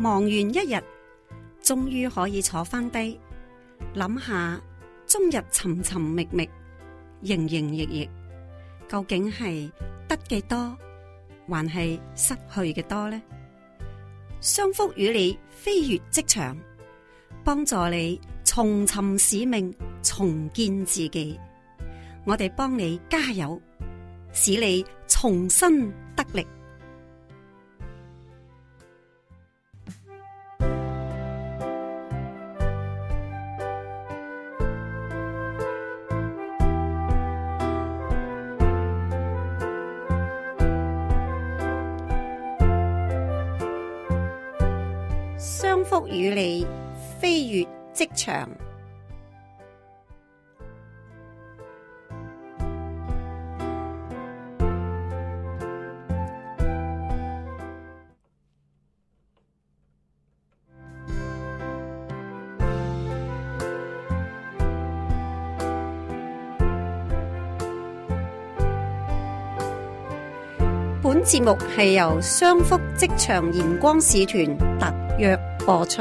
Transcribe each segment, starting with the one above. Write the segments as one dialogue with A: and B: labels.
A: 忙完一日，終於可以坐翻低，諗下終日尋尋覓覓，營營役役，究竟係得嘅多，還係失去嘅多呢？商福與你飛越職場，幫助你重尋使命，重建自己。我哋幫你加油，使你重新得力。職場。本節目係由商福職場鹽光使團特約播出。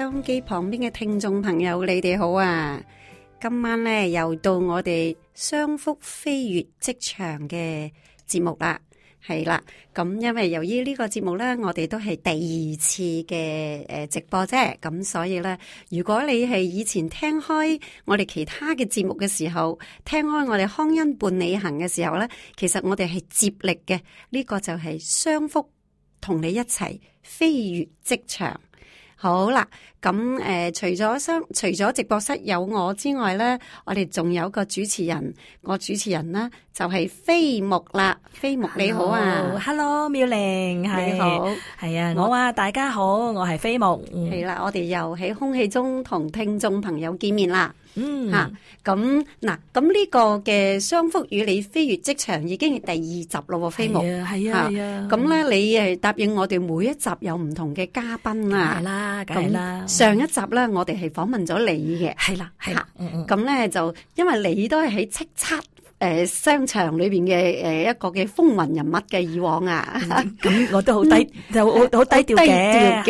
A: 收音機旁邊嘅聽眾朋友，你哋好啊！今晚咧又到我哋商福飛越職場嘅節目啦，係啦。咁因為由於呢個節目咧，我哋都係第二次嘅誒直播啫。咁所以咧，如果你係以前聽開我哋其他嘅節目嘅時候，聽開我哋康恩伴你行嘅時候咧，其實我哋係接力嘅。呢個就係商福同你一齊飛越職場。好啦，咁、嗯、誒，除咗室，除咗直播室有我之外咧，我哋仲有個主持人，個主持人咧就係、是、飛牧啦，飛牧你好啊 Hello，Hello 妙玲，你好，
B: 係啊，我
A: 啊大家好，我係飛牧，係、嗯、啦，我哋又喺空氣中同聽眾朋友見面啦。嗯吓咁嗱，咁呢、啊、個嘅商福與你飛越職場已經係第二集咯，飛牧，係啊係啊，咁咧你係答應我哋每一集有唔同嘅嘉賓啊，梗係啦，梗係啦。上一集咧我哋係訪問咗你嘅，係啦、嗯，吓咁咧就因為你都係喺叱咤。誒，商場裏邊嘅誒
B: 一個嘅風雲人物嘅以往啊，咁我都好低，就好低調嘅。低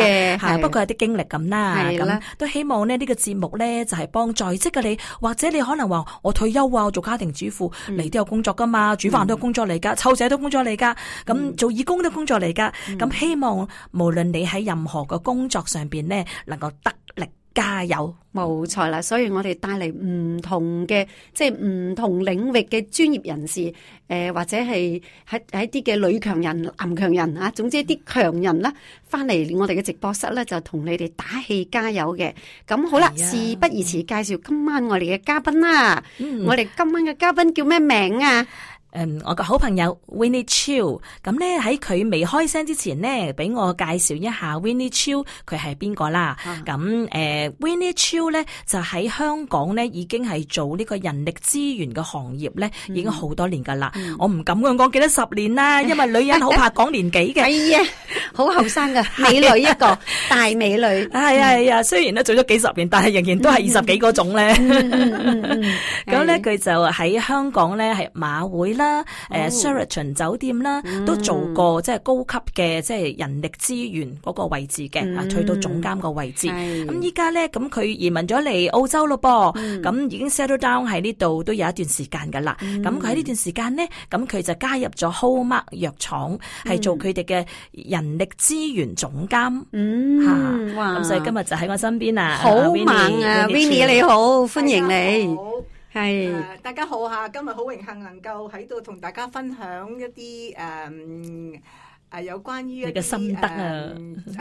B: 調嘅，不過有啲經歷咁啦，咁都希望咧呢個節目咧就係幫在職嘅你，或者你可能話我退休啊，我做家庭主婦，你都有工作噶嘛，煮飯都有工作嚟噶，湊仔都工作嚟噶，咁做義工都工作嚟噶，咁希望無論你喺任何嘅工作上邊呢，能夠得力。加油，冇錯啦！
A: 所以我哋帶嚟唔同嘅，即係唔同領域嘅專業人士，誒，或者係喺喺啲嘅女強人、男強人啊，總之一啲強人啦，翻嚟我哋嘅直播室咧，就同你哋打氣加油嘅。咁好啦，事不宜遲，介紹今
B: 晚我哋嘅嘉賓啦。我哋今晚嘅嘉賓叫咩名啊？誒、嗯，我個好朋友 Winnie Chiu 咁、嗯、咧，喺佢未開聲之前呢，俾我介紹一下 Winnie Chiu 佢係邊個啦。咁誒，Winnie Chiu 咧就喺香港咧已經係做呢個人力資源嘅行業咧，已經好多年噶啦。我唔敢咁講幾多十年啦，因為女人好怕講年紀嘅。係啊、 哎，好後生噶，美女一個 大美女。係啊係啊，雖然咧做咗幾十年，但係仍然都係二十幾嗰種咧。咁咧佢就喺香港咧係馬會。啦，Sheraton 酒店啦，都做過即係高級嘅即係人力資源嗰個位置嘅，啊，去到總監個位置。咁依家咧，咁佢移民咗嚟澳洲咯噃，咁已經 settle down 喺呢度都有一段時間噶啦。咁佢喺呢段時間咧，咁佢就加入咗 Hallmark 藥廠，係做佢哋嘅人力資源總監。嗯，哇！咁所以今日就喺我身邊啊，好猛啊，Winnie 你好，歡迎你。係，
C: 大家好吓！今日好榮幸能夠喺度同大家分享一啲誒，誒有關於一啲誒，你嘅心得啊，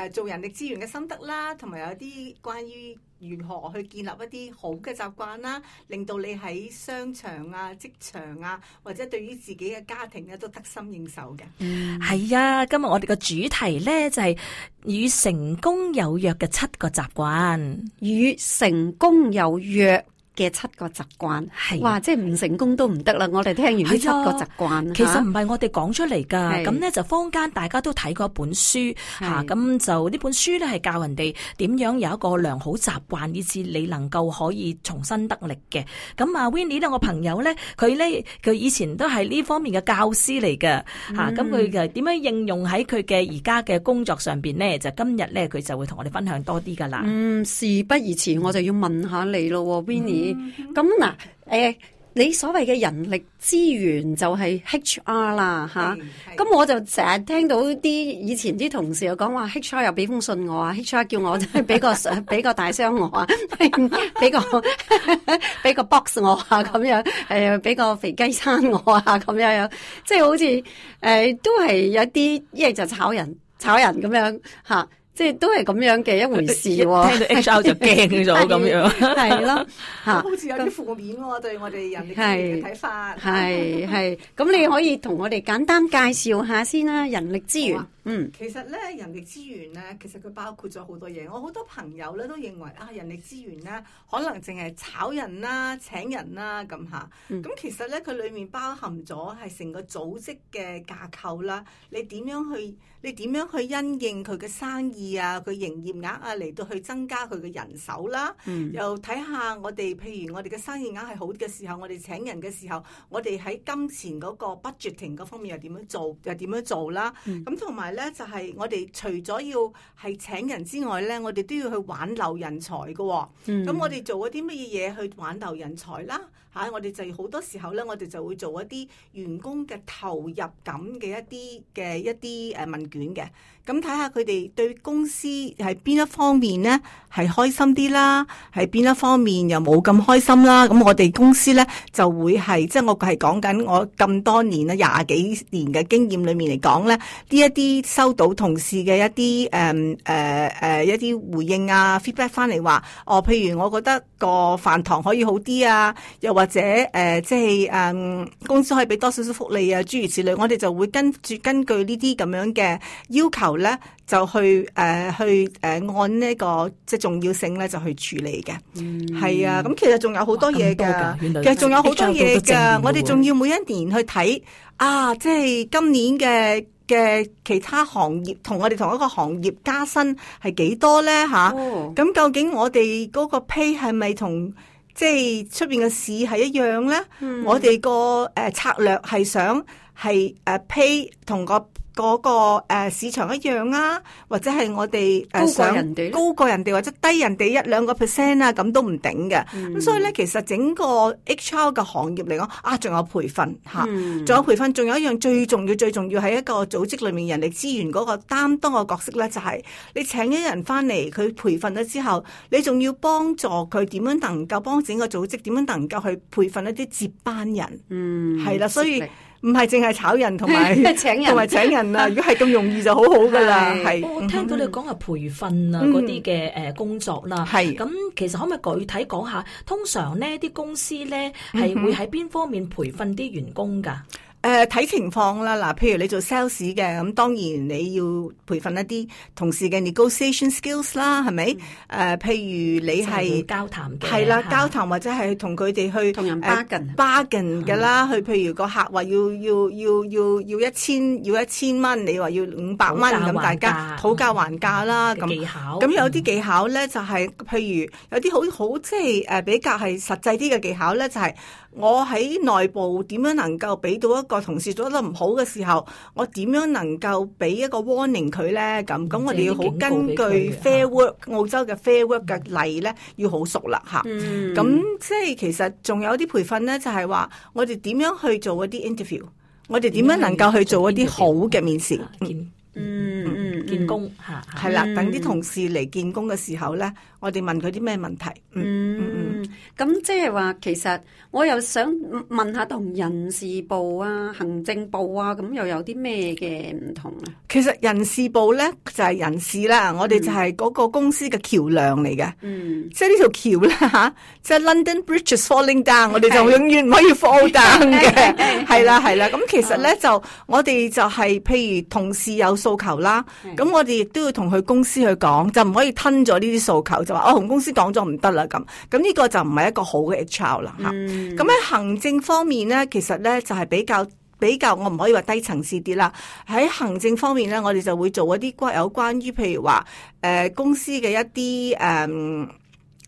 C: 誒，做人力資源嘅心得啦，同埋有啲關於如何去建立一啲好嘅習慣啦，令到你喺商場啊、職場啊，或者對於自己嘅家庭咧，都得心應手嘅。嗯，
B: 係啊！今日我哋嘅主題咧就係與成功有約嘅七個習慣，與成功有約。
A: 嘅七個習慣係哇，即係唔成功都唔得啦！我哋聽完呢七個習慣，啊、其實唔
B: 係我哋講出嚟噶，咁呢、啊、就坊間大家都睇過本書吓，咁、啊啊、就呢本書咧係教人哋點樣有一個良好習慣，以至你能夠可以重新得力嘅。咁啊 Winnie 咧，我朋友咧，佢咧佢以前都係呢方面嘅教師嚟嘅吓，咁佢嘅點樣應用喺佢嘅而家嘅工作上邊呢？就今日咧佢就會同我哋分享多啲噶啦。
A: 嗯，事不宜遲，我就要問下你咯 Winnie。咁嗱，誒，你所謂嘅人力資源就係 HR 啦，嚇、啊。咁我就成日聽到啲以前啲同事又講話，HR 又俾封信我啊，HR 叫我俾個俾 給個大箱我啊，俾個俾個 box 我啊，咁樣誒，俾、啊、個肥雞生我啊，咁樣樣，即、就、係、是、好似誒、呃，都係有啲一係就是、炒人，炒人咁樣嚇。啊。即係都係咁樣嘅一回事喎、哦，聽到 HR 就驚咗咁樣。係咯，嚇，好似有啲
C: 負面喎、哦、對我哋人力資源嘅睇法。係係，
A: 咁 你可以同我哋簡單介紹下先啦、啊，人力資源。啊、嗯，
C: 其實咧人力資源咧，其實佢包括咗好多嘢。我好多朋友咧都認為啊，人力資源咧可能淨係炒人啦、請人啦咁嚇。咁、嗯、其實咧佢裡面包含咗係成個組織嘅架構啦，你點樣去？你點樣去因應佢嘅生意啊？佢營業額啊，嚟到去增加佢嘅人手啦。嗯、又睇下我哋，譬如我哋嘅生意額係好嘅時候，我哋請人嘅時候，我哋喺金錢嗰個 budgeting 嗰方面又點樣做，又點樣做啦？咁同埋呢，就係、是、我哋除咗要係請人之外呢，我哋都要去挽留人才嘅、哦。咁、嗯、我哋做一啲乜嘢嘢去挽留人才啦？嚇！啊、我哋就好多時候咧，我哋就會做一啲員工嘅投入感嘅一啲嘅一啲誒問卷嘅，咁睇下佢哋對公司喺邊一方面咧係開心啲啦，喺邊一方面又冇咁開心啦。咁我哋公司咧就會係即係我係講緊我咁多年啦廿幾年嘅經驗裏面嚟講咧，呢一啲收到同事嘅一啲誒誒誒一啲回應啊 feedback 翻嚟話，哦，譬如我覺得個飯堂可以好啲啊，又或或者誒、呃，即係誒、嗯，公司可以俾多少少福利啊，諸如此類，我哋就會跟住根據呢啲咁樣嘅要求咧，就去誒、呃、去誒、呃、按呢、這個即係重要性咧，就去處理嘅。係、嗯、啊，咁其實仲有好多嘢㗎，其實仲有好多嘢㗎。我哋仲要每一年去睇啊，即係今年嘅嘅其他行業同我哋同一個行業加薪係幾多咧？吓、啊，咁、哦、究竟我哋嗰個 pay 係咪同？即係出邊嘅市係一樣咧，嗯、我哋個誒策略係想係、呃、Pay 同個，嗰個市場一樣啊，或者係我哋高過人哋，高過人哋或者低人哋一兩個 percent 啊，咁都唔頂嘅。咁、嗯、所以咧，其實整個 HR 嘅行業嚟講，啊，仲有培訓嚇，仲有培訓，仲、啊嗯、有，有一樣最重要、最重要係一個組織裏面人力資源嗰個擔當嘅角色咧，就係、是、你請啲人翻嚟，佢培訓咗之後，你仲要幫助佢點樣能夠幫整個組織點樣能夠去培訓一啲接班人。
B: 嗯，係啦，所以。
C: 唔係淨係炒人同埋，同埋 請，人 請人啊！ 如果係咁容易就好好噶啦，係是。哦是，我聽到你
B: 講係培訓啊，嗰啲嘅誒工作啦，咁是其實可唔可以具體講下？通常呢啲公司咧係會喺邊方面培訓啲員工噶？嗯誒睇、呃、情
C: 況啦，嗱，譬如你做 sales 嘅，咁當然你要培訓一啲同事嘅 negotiation skills 啦，係咪？誒、嗯呃，譬如你係交
B: 談，係啦，
C: 交談或者係同佢哋去同人 bargain，bargain、uh, 嘅啦。佢、嗯、譬如個客話要要要要要一千，要一千蚊，你話要五百蚊，咁大家討價還價，還價啦。技巧，咁有啲技巧咧，就係譬如有啲好好即係誒比較係實際啲嘅技巧咧，就係我喺內部點樣能夠俾到一個個同事做得唔好嘅時候，我點樣能夠俾一個 warning 佢呢？咁咁我哋要好根據 fair work 澳洲嘅 fair work 嘅例呢，要好熟啦吓。咁、嗯、即係其實仲有啲培訓呢就係、是、話我哋點樣去做一啲 interview，我哋點樣能夠去做一啲好嘅面試、嗯？嗯嗯見、嗯嗯、工吓係啦。等
A: 啲同事嚟見工嘅時候呢，我哋問佢啲咩問題？嗯嗯，咁、嗯、即係話其實。我又想問下同人事部啊、行政部啊咁又有啲咩嘅唔同
C: 啊？其實人事部咧就係人事啦，我哋就係嗰個公司嘅橋梁嚟嘅。嗯，即係呢條橋啦嚇，即係 London Bridge is falling down，我哋就永遠唔可以 fall down 嘅。係啦，係啦。咁其實咧就我哋就係譬如同事有訴求啦，咁我哋亦都要同佢公司去講，就唔可以吞咗呢啲訴求，就話我同公司講咗唔得啦咁。咁呢個就唔係一個好嘅 HR 啦嚇。咁喺、嗯、行政方面咧，其實咧就係比較比較，比較我唔可以話低層次啲啦。喺行政方面咧，我哋就會做一啲關有關於，譬如話誒、呃、公司嘅一啲誒誒、嗯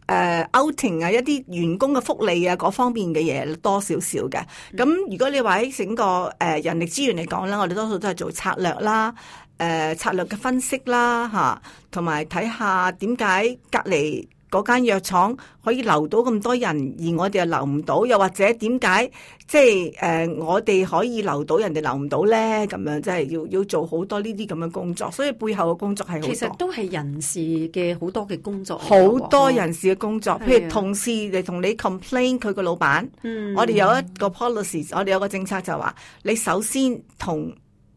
C: 呃、outing 啊，一啲員工嘅福利啊嗰方面嘅嘢多少少嘅。咁如果你話喺整個誒人力資源嚟講咧，我哋多數都係做策略啦，誒、呃、策略嘅分析啦，嚇、啊，同埋睇下點解隔離。嗰間藥廠可以留到咁多人，而我哋又留唔到，又或者點解即係誒、呃、我哋可以留到，人哋留唔到呢？咁樣即係要要做好多呢啲咁嘅工作，所以背後嘅工作係其實都係人事嘅好多嘅工，工作，好多人事嘅工作，譬如同事嚟同你 complain 佢個老闆，嗯、我哋有一個 policy，我哋有個政策就話，你首先同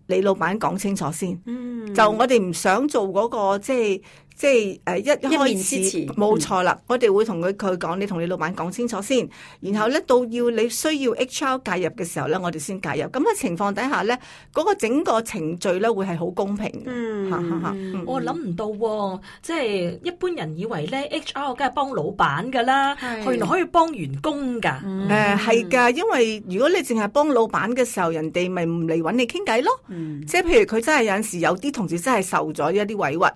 C: 你老闆講清楚先，嗯、就我哋唔想做嗰、嗰個即係。即係誒一一開始冇錯啦，嗯、我哋會同佢佢講，你同你老闆講清楚先，然後咧到要你需要 H R 介入嘅時候咧，我哋先介入。咁嘅情況底下
B: 咧，嗰、嗰個整個程序咧會係好公平嘅。我諗唔到、哦，即、就、係、是、一般人以為咧 H R 梗係幫老闆㗎啦，佢是原來可以幫員工㗎。誒係
C: 㗎，因為如果你淨係幫老闆嘅時候，人哋咪唔嚟揾你傾偈咯。嗯、即係譬如佢真係有陣時有啲同事真係受咗一啲委屈。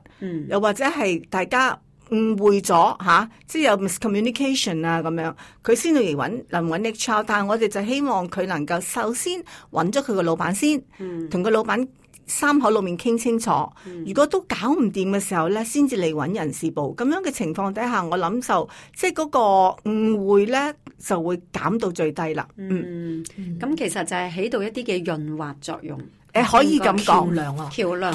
C: 又、嗯、或者。係大家誤會咗吓、啊，即係有 miscommunication 啊咁樣，佢先至嚟揾，能揾 HR。但係我哋就希望佢能夠首先揾咗佢個老闆先，同個、嗯、老闆三口六面傾清楚。嗯、如果都搞唔掂嘅時候咧，先至嚟揾人事部。咁樣嘅情況底下，我諗就即係嗰個誤會咧，就會減到最低啦、嗯。嗯，咁、嗯、其實就係起到一啲嘅潤滑作
A: 用。誒可以咁講，橋梁、哦，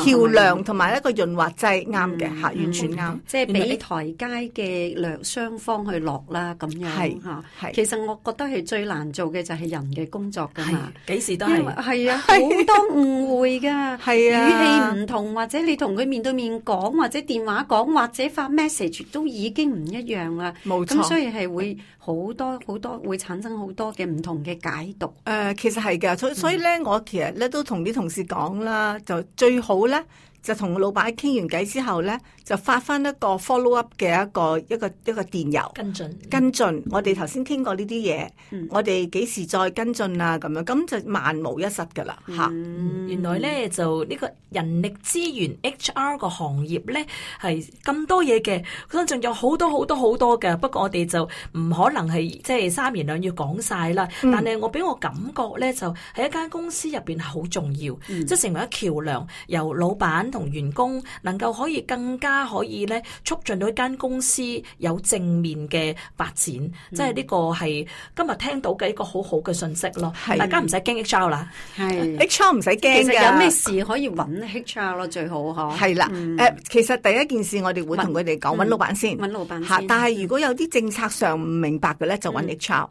A: 橋梁同埋一個潤滑劑，啱嘅嚇，完全啱。即係俾台階嘅兩雙方去落啦，咁樣嚇。係，其實我覺得係最難做嘅就係人嘅工作噶嘛，幾時都係。係啊，好多誤會噶，係啊，語氣唔同或者你同佢面對面講或者電話講或者發 message 都已經唔一樣啦。冇錯。咁所以係會好多好多會產生好多嘅唔同嘅解讀。誒，其實係嘅，所所以咧，我其實咧
C: 都同啲同事講啦，就最好咧。就同老闆傾完偈之後呢，就發翻一個 follow up 嘅一個一個一個電郵跟進跟進。跟進嗯、我哋頭先傾過呢啲嘢，嗯、我哋幾時再跟進啊？咁樣咁就萬無一失噶啦嚇。嗯嗯、
B: 原來呢，就呢個人力資源 HR 個行業呢，係咁多嘢嘅，佢仲有好多好多好多嘅。不過我哋就唔可能係即係三言兩語講晒啦。嗯嗯、但係我俾我感覺呢，就喺一間公司入邊好重要，即係、嗯嗯、成為一橋梁由老闆。同員工能夠可以更加可以咧促進到間公司有正面嘅發展，即係呢個係今日聽到嘅一個好好嘅訊息咯。大家唔使驚 HR 啦，係 HR 唔使驚。其實有咩事
A: 可以揾 HR 咯，最好嚇係啦。誒，
B: 其實第一件
C: 事我哋會同佢哋講揾老闆先，揾
A: 老闆嚇。但係如
C: 果有啲政策上唔明白嘅咧，就揾 HR，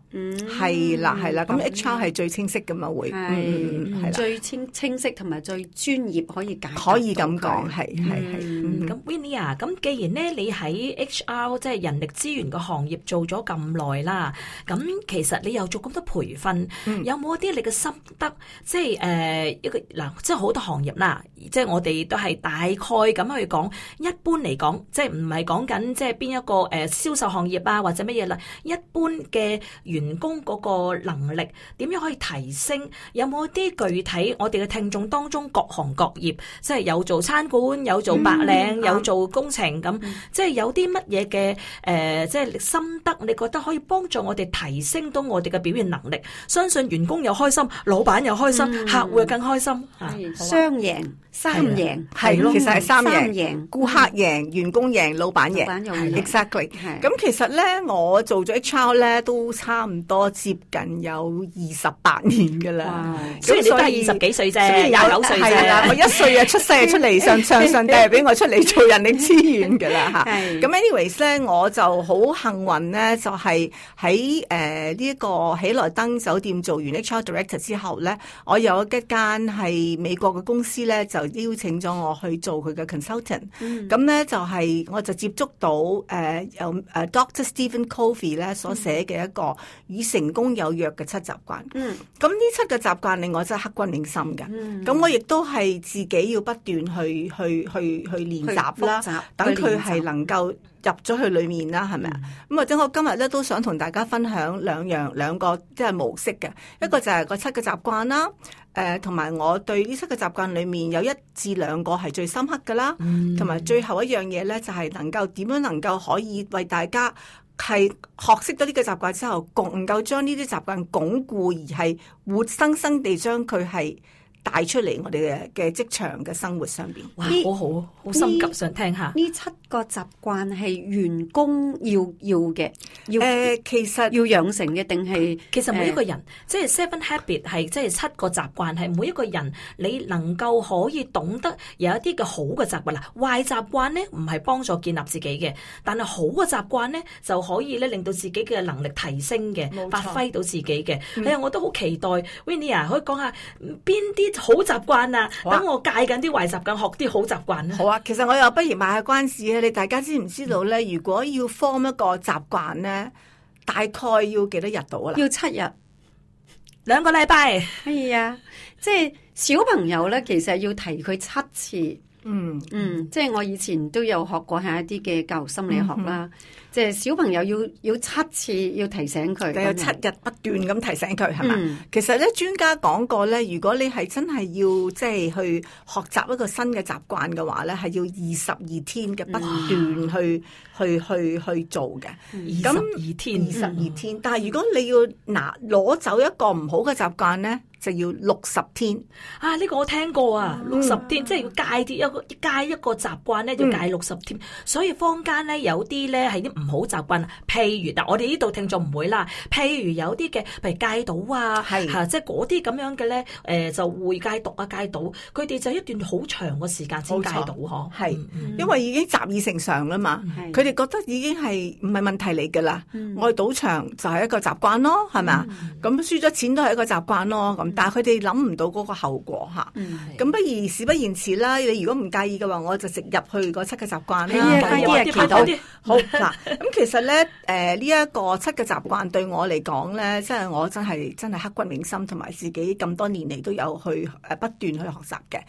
C: 係啦係啦。咁 HR 係最清晰嘅嘛會，係最清
A: 清晰同埋最專業可以解，可以咁。講係係係，
B: 咁 Winnie 啊，咁、嗯、既然咧你喺 HR 即係人力資源個行業做咗咁耐啦，咁其實你又做咁多培訓，有冇一啲你嘅心得？即係誒一個嗱，即係好多行業啦，即係我哋都係大概咁去講。一般嚟講，即係唔係講緊即係邊一個誒銷、呃、售行業啊，或者乜嘢啦？一般嘅員工嗰個能力點樣可以提升？有冇一啲具體我哋嘅聽眾當中各行各業，即係有做。餐館有做白領，嗯、有做工程，咁、嗯、即係有啲乜嘢嘅誒，即係心得，你覺得可以幫助我哋提升到我哋嘅表現能力？相信員工又開心，老闆又開心，嗯、客戶又更開心，雙贏。三贏係，其實係三贏，顧客贏、
C: 員工贏、老闆贏，exactly。咁其實咧，我做咗 HR 咧，都差唔多接近有二十八年噶啦。雖然你得二十幾歲啫，廿九歲啦，我一歲啊出世出嚟，上上上帝俾我出嚟做人力資源噶啦嚇。咁 anyways 咧，我就好幸運咧，就係喺誒呢一個喜來登酒店做完 HR director 之後咧，我有一間係美國嘅公司咧就。邀請咗我去做佢嘅 consultant，咁咧、嗯、就係我就接觸到誒有誒 Dr. Stephen Covey 咧所寫嘅一個與成功有約嘅七習慣，咁呢、嗯、七個習慣，令我真係刻骨銘心嘅。咁、嗯、我亦都係自己要不斷去去去去練習啦，等佢係能夠入咗去裏面啦，係咪啊？咁啊，即我今日咧都想同大家分享兩樣兩個即係模式嘅，嗯、一個就係個七個習慣啦。誒，同埋、呃、我對呢七個習慣裏面有一至兩個係最深刻噶啦，同埋、嗯、最後一樣嘢呢，就係、是、能夠點樣能夠可以為大家係學識咗呢個習慣之後，夠唔夠將呢啲習慣鞏固，而係活生生地將佢係。帶出嚟我哋嘅嘅職場嘅生活上面，哇，好好，好心急想聽下。呢七
A: 個習慣係員工要要嘅，要誒、呃、其實要養成
B: 嘅定係其實每一個人，呃、即係 seven habit 係即係七個習慣係每一個人你能夠可以懂得有一啲嘅好嘅習慣啦，壞習慣咧唔係幫助建立自己嘅，但係好嘅習慣咧就可以咧令到自己嘅能力提升嘅，冇錯。發揮到自己嘅。係啊、嗯哎，我都好期待 Winnie 啊，ini, 可以講下邊啲。好習慣啊！等我戒緊啲壞習慣，學啲好習慣好啊，其實我又不如賣下關子啊！
C: 你大家知唔知道咧？嗯、如果要 form 一個習慣咧，大概要幾
A: 多日到啊？啦，要七日，兩個禮拜。係啊，即係小朋友咧，其實要提佢七次。嗯嗯，嗯嗯即係我以前都有學過下一啲嘅教育心理學啦。嗯即係小朋友要要七次要提醒佢，有七日不斷咁提醒佢，係嘛、嗯？其實咧專家講過，咧，如果你係真係
C: 要即係去學習一個新嘅習慣嘅話，咧，係要二十二天嘅不斷去去去去做嘅。二十二天，二十二天。但係如果你要嗱攞走一個唔好嘅習慣咧，就要六十天。啊，呢、這
B: 個我聽過啊，六十、嗯、天即係要戒啲一個戒、嗯、一個習慣咧，要戒六十天。所以，所以坊間咧有啲咧係啲。唔好習慣，譬如嗱，我哋呢度聽眾唔會啦。譬如有啲嘅，譬如戒賭啊，係吓、啊，即係嗰啲咁樣嘅咧，誒，就會戒毒啊、戒賭，佢哋就一段好長嘅時間先戒到嗬，係，因為已經習以為
C: 常啦嘛，佢哋覺得已經係唔係問題嚟噶啦，我賭場就係一個習慣咯，係咪啊？咁輸咗錢都係一個習慣咯，咁但係佢哋諗唔到嗰個後果吓，咁不如事不宜遲啦，你如果唔介意嘅話，我就直入去嗰七個習慣啦，啲，好嗱。咁其實咧，誒呢一個七個習慣對我嚟講咧，即係我真係真係刻骨銘心，同埋自己咁多年嚟都有去誒不斷去學習嘅。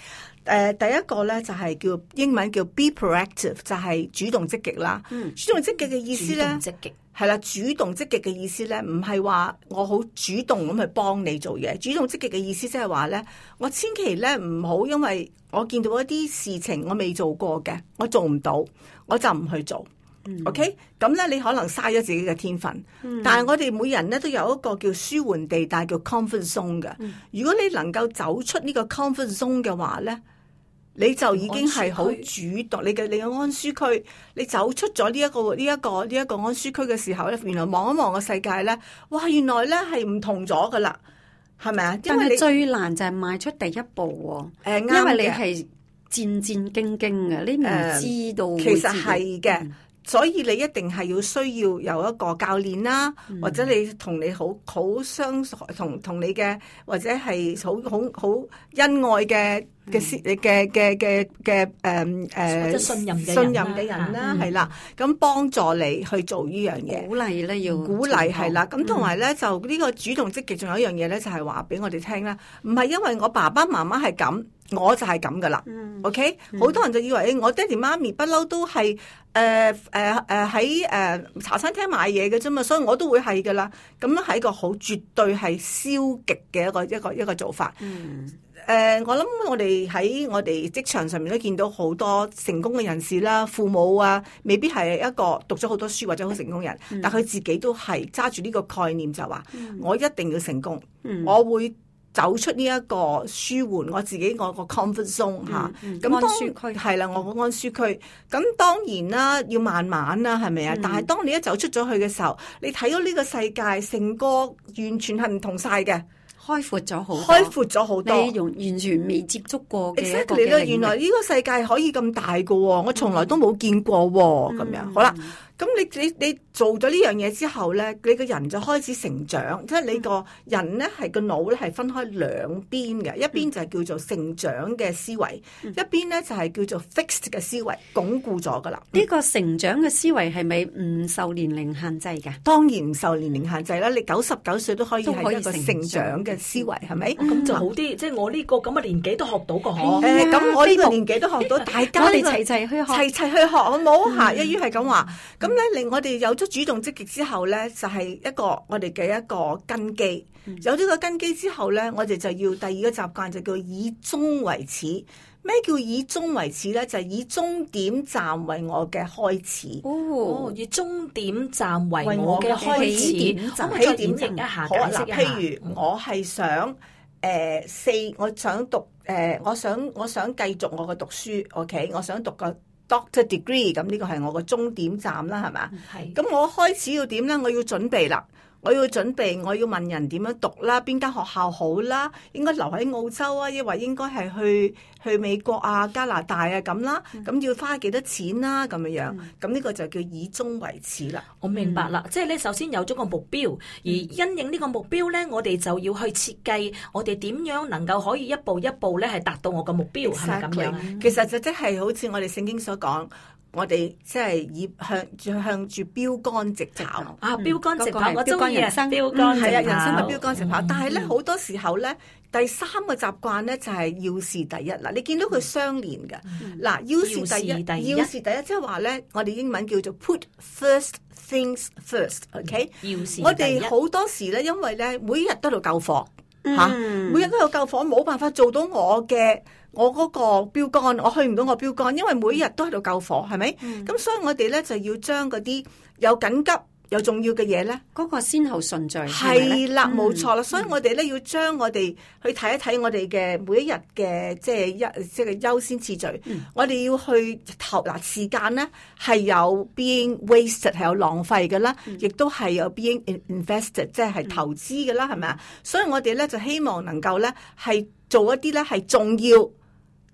C: 誒，第一個咧就係叫英文叫 Be proactive，就係主動積極啦。主動積極嘅意思咧，積極係啦，主動積極嘅意思咧，唔係話我好主動咁去幫你做嘢。主動積極嘅意思即係話咧，我千祈咧唔好因為我見到一啲事情我未做過嘅，我做唔到，我就唔去做。O K，咁咧你可能嘥咗自己嘅天分，嗯、但係我哋每人咧都有一個叫舒緩地帶叫 comfort zone 嘅。嗯、如果你能夠走出呢個 comfort zone 嘅話咧，你就已經係好主動。你嘅你嘅安舒區，你走出咗呢一個呢一個呢一個安舒區嘅時候咧，原來望一望個世界咧，哇！
A: 原來咧係唔同咗噶啦，係咪啊？但係因為你最難就係邁出第一步喎。呃、因為你係戰戰兢兢嘅，你唔知道其實係
C: 嘅。嗯所以你一定係要需要有一個教練啦，嗯、或者你同你好好相同同你嘅，或者係好好好恩愛嘅嘅嘅嘅嘅嘅誒誒，信任嘅信任嘅人啦，係啦，咁、嗯、幫助你去做呢樣嘢，鼓勵咧要鼓勵係勵、嗯、啦，咁同埋咧就呢個主動積極，仲有一樣嘢咧，就係話俾我哋聽啦，唔係因為我爸爸媽媽係咁。我就係咁噶啦，OK，好多人就以為我爹哋媽咪不嬲都係誒誒誒喺誒茶餐廳買嘢嘅啫嘛，所以我都會係噶啦，咁樣係一個好絕對係消極嘅一個一個一個做法。誒，我諗我哋喺我哋職場上面都見到好多成功嘅人士啦，父母啊，未必係一個讀咗好多書或者好成功人，但佢自己都係揸住呢個概念就話，我一定要成功，我會。走出呢一個舒緩，我自己我個 comfort zone 嚇、嗯，咁、嗯、當係啦，我個安舒區。咁當然啦，要慢慢啦，係咪啊？嗯、但係當你一走出咗去嘅時候，你睇到呢個世界，成個
A: 完全係唔同晒嘅，開闊咗好，開闊咗好多，完全未接觸過。
B: Exactly 啦，原來
C: 呢個世界可以咁大個喎，我從來都冇見過喎，咁、嗯、樣、嗯嗯、好啦。咁你你你做咗呢樣嘢之後咧，你個人就開始成長，即係你個人咧係個腦咧係分開兩邊嘅，一邊就係叫做成長嘅思維，一邊咧就係叫做 fixed 嘅思維，鞏固咗噶啦。呢個
A: 成長嘅思維係咪唔受年齡限制㗎？當然唔受年齡限制啦，你九十九歲都可以係一個成長嘅思維，係咪？咁就好啲，即係我呢個咁嘅年紀
C: 都學到嘅，嗬。咁我呢個年紀都學到，大家我哋齊齊去學，齊齊去學好冇嚇？一於係咁話。咁咧，令、嗯、我哋有咗主動積極之後咧，就係、是、一個我哋嘅一個根基。嗯、有呢個根基之後咧，我哋就要第二個習慣就叫以終為始。咩叫以終為始咧？就係、是、以終點站為我嘅開始。哦，以終點站為我嘅開始。咁我點一下譬好如、嗯、我係想，誒、呃、四，我想讀，誒我想我想繼續我嘅讀書。O、okay? K，我想讀個。Doctor degree 咁呢個係我個終點站啦，係咪？咁的我開始要點咧？我要準備啦。我要準備，我要問人點樣讀啦，邊間學校好啦，應該留喺澳洲啊，抑或應該係去去美國啊、加拿大啊咁啦，咁要花幾多錢啦咁樣樣，
B: 咁呢個就叫以終為始啦。我明白啦，嗯、即係咧，首先有咗個目標，嗯、而因應呢個目標呢，我哋就要去設計我哋點樣能夠可以一步一步呢係達到我個目標，係咪咁樣？其實就即係好似我哋聖經所講。我哋
C: 即係以向向住標杆直跑啊！標杆直跑，我中意啊！標杆係啊，人生係標杆直跑，直嗯、但係咧好多時候咧，第三個習慣咧就係、是、要事第一啦！你見到佢相連嘅嗱，要事第一，要事第一，即係話咧，我哋英文叫做 Put first things first okay？嗯。OK，我哋好多時咧，因為咧，每日都喺度救火。吓、啊，每日都有救火，冇辦法做到我嘅，我嗰個標杆，我去唔到我標杆，因為每日都喺度救火，係咪？咁、嗯、所以我哋咧就要將嗰啲有緊急。有重要嘅嘢咧，嗰個先後順序係啦，冇錯啦，所以我哋咧要將我哋去睇一睇我哋嘅每一日嘅即係一即係優先次序，嗯、我哋要去投嗱時間咧係有 being wasted 係有浪費㗎啦，亦、嗯、都係有 being invested 即係投資㗎啦，係咪啊？所以我哋咧就希望能夠咧係做一啲咧係重要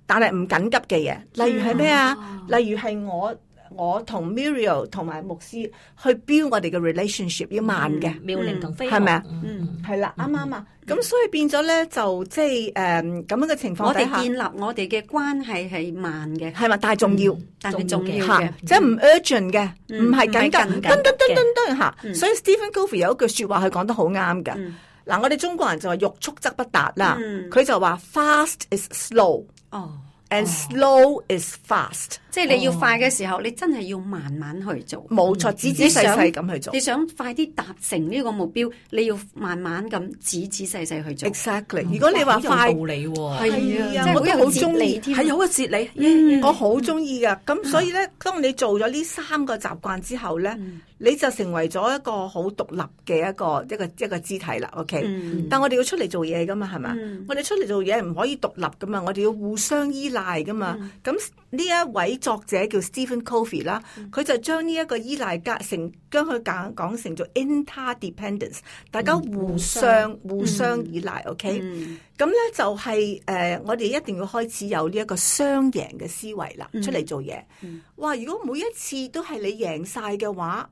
C: 但係唔緊急嘅嘢，嗯、例如係咩啊？哦、例如係我。我同 Muriel 同埋牧師去 build 我哋嘅 relationship 要慢嘅，妙玲同飛，係咪啊？嗯，
A: 係啦，啱啱啊。
C: 咁所以變咗咧，就即係誒咁樣嘅情況底下，我哋建立
A: 我哋嘅關係係慢嘅，係嘛？但係重要，但係重要吓，即係唔 urgent 嘅，唔係緊急，噔噔噔噔噔吓。所以 Stephen Covey 有一句說話，佢講得
C: 好啱嘅。嗱，我哋中國人就話欲速則不達啦。佢就話 fast is
A: slow。哦。And slow is fast，即係你要快嘅時候，oh. 你真係要慢慢去做。冇錯，仔仔細細咁去做你。你想快啲達成呢個目標，你要慢慢咁仔仔細細去做。Exactly，如果你話快，有、嗯、道理
B: 係、哦、啊，啊我都好中意，
A: 係好嘅哲理。我好中意嘅。咁所以呢，嗯、當你做咗
C: 呢三個習慣之後呢。嗯你就成為咗一個好獨立嘅一個一個一個肢體啦，OK？但我哋要出嚟做嘢噶嘛，係嘛？我哋出嚟做嘢唔可以獨立噶嘛，我哋要互相依賴噶嘛。咁呢一位作者叫 Stephen Covey 啦，佢就將呢一個依賴夾成，將佢講講成做 interdependence，大家互相互相依賴，OK？咁咧就係誒，我哋一定要開始有呢一個雙贏嘅思維啦，出嚟做嘢。哇！如果每一次都係你贏晒嘅話，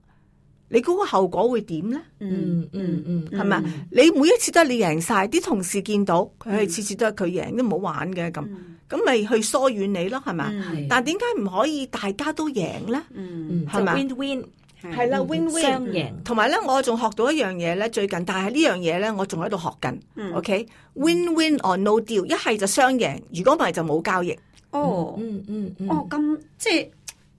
C: 你估個後果會點咧？嗯嗯嗯，係咪你每一次都係你贏晒，啲同事見到佢係次次都係佢贏，都唔好玩嘅咁，咁咪去疏遠你咯，係咪？但點解唔可以大家都贏咧？嗯嗯，係嘛？Win
B: win 係啦，win win 雙贏。
C: 同埋咧，我仲學到一樣嘢咧，最近，但係呢樣嘢咧，我仲喺度學緊。OK，win win or no deal，一係就雙贏，如果唔係就冇交易。哦，嗯嗯，哦咁即係。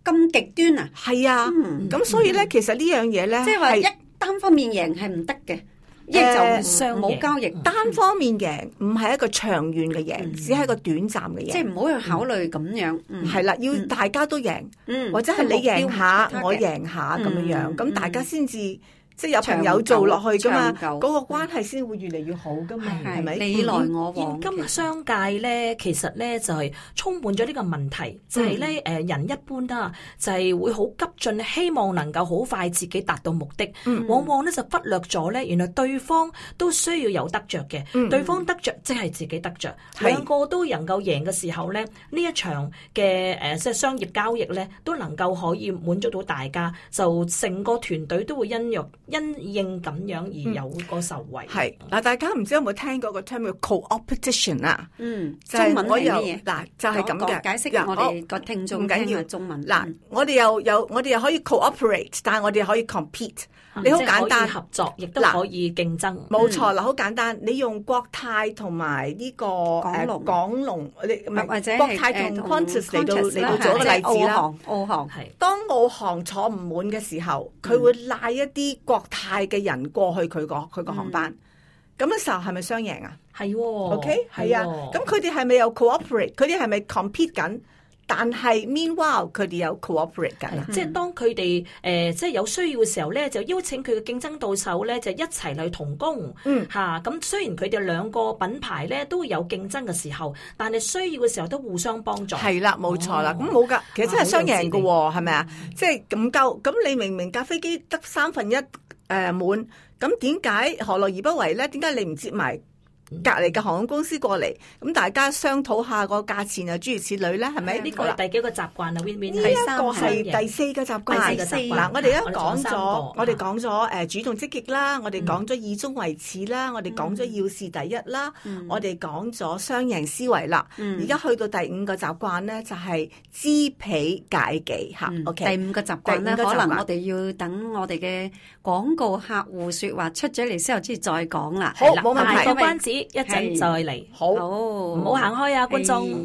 C: 咁極端啊！係啊，咁所以咧，其實呢樣嘢咧，即係話一單方面贏係唔得嘅，
A: 一就上冇
C: 交易。單方面贏唔係一個長遠嘅贏，只係一個短暫嘅贏。即係唔好去考慮咁樣，係啦，要大家都贏，或者係你贏下我贏下咁樣樣，咁大家先至。即係有朋友做落去噶嘛，嗰個
B: 關係先會越嚟越好噶嘛，係咪？你來我往。現今商界咧，其實咧就係充滿咗呢個問題，就係咧誒人一般啦，就係會好急進，希望能夠好快自己達到目的。往往咧就忽略咗咧，原來對方都需要有得着嘅，對方得着，即係自己得着，兩個都能夠贏嘅時候咧，呢一場嘅誒即係商業交易咧，都能夠可以滿足到大家，就成個團隊都會因應。因應咁樣而有個受惠，嗯。係嗱、嗯，大家唔知有冇聽過個 term 叫 cooperation 啊？
A: 嗯，中
B: 文係咩嘢？嗱，
C: 就係咁嘅解釋我哋個聽眾、嗯哦、唔緊要、聽完中文。嗱、嗯，我哋又有，有，我哋又可以 cooperate，但係我哋可以 compete。你好簡單，合作
B: 亦都可以競
C: 爭，冇錯，嗱好簡單，你用國泰同埋呢個港龍，港龍，唔係或者國泰同 Qantas 嚟到嚟到做一個例子啦。澳航，當澳航坐唔滿嘅時候，佢會拉一啲國泰嘅人過去佢個佢個航班，咁嘅時候係咪雙贏啊？係喎，OK，係啊，咁佢哋係咪有
B: cooperate？佢哋係咪 compete 緊？但係 meanwhile 佢哋有 cooperate 㗎、嗯呃，即係當佢哋誒即係有需要嘅時候咧，就邀請佢嘅競爭對手咧，就一齊嚟同工，嚇咁、嗯啊嗯、雖然佢哋兩個品牌咧都有競爭嘅時候，但係需要嘅時候都互相幫助。係啦，冇錯啦，咁冇噶，其實真係雙贏嘅喎，係咪啊？即
C: 係咁夠，咁你明明架飛機得三分一誒、呃、滿，咁點解何樂而不為咧？點解你唔接埋？隔籬嘅航空公司過嚟，咁大家商討下個價錢啊，諸如此類咧，係咪？呢個第
B: 幾個習慣啊？Win 呢個係第四個習慣，嗱，我哋一講咗，
C: 我哋講咗誒主動積極啦，我哋講咗以終為始啦，我哋講咗要事第一啦，我哋講咗雙贏思維啦，而家去
A: 到第五個習慣咧，就係知彼解己吓，O K，第五個習慣咧，可能我哋要等我哋嘅廣告客戶說話出咗嚟之後，先再講啦。好，冇問題，關。一陣再嚟，
B: 好唔好行開啊，觀眾！看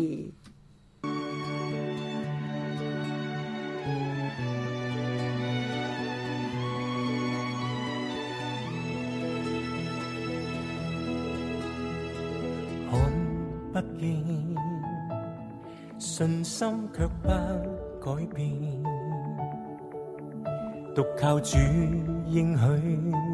C: Hey. 不見，信心卻不改變，獨靠主應許。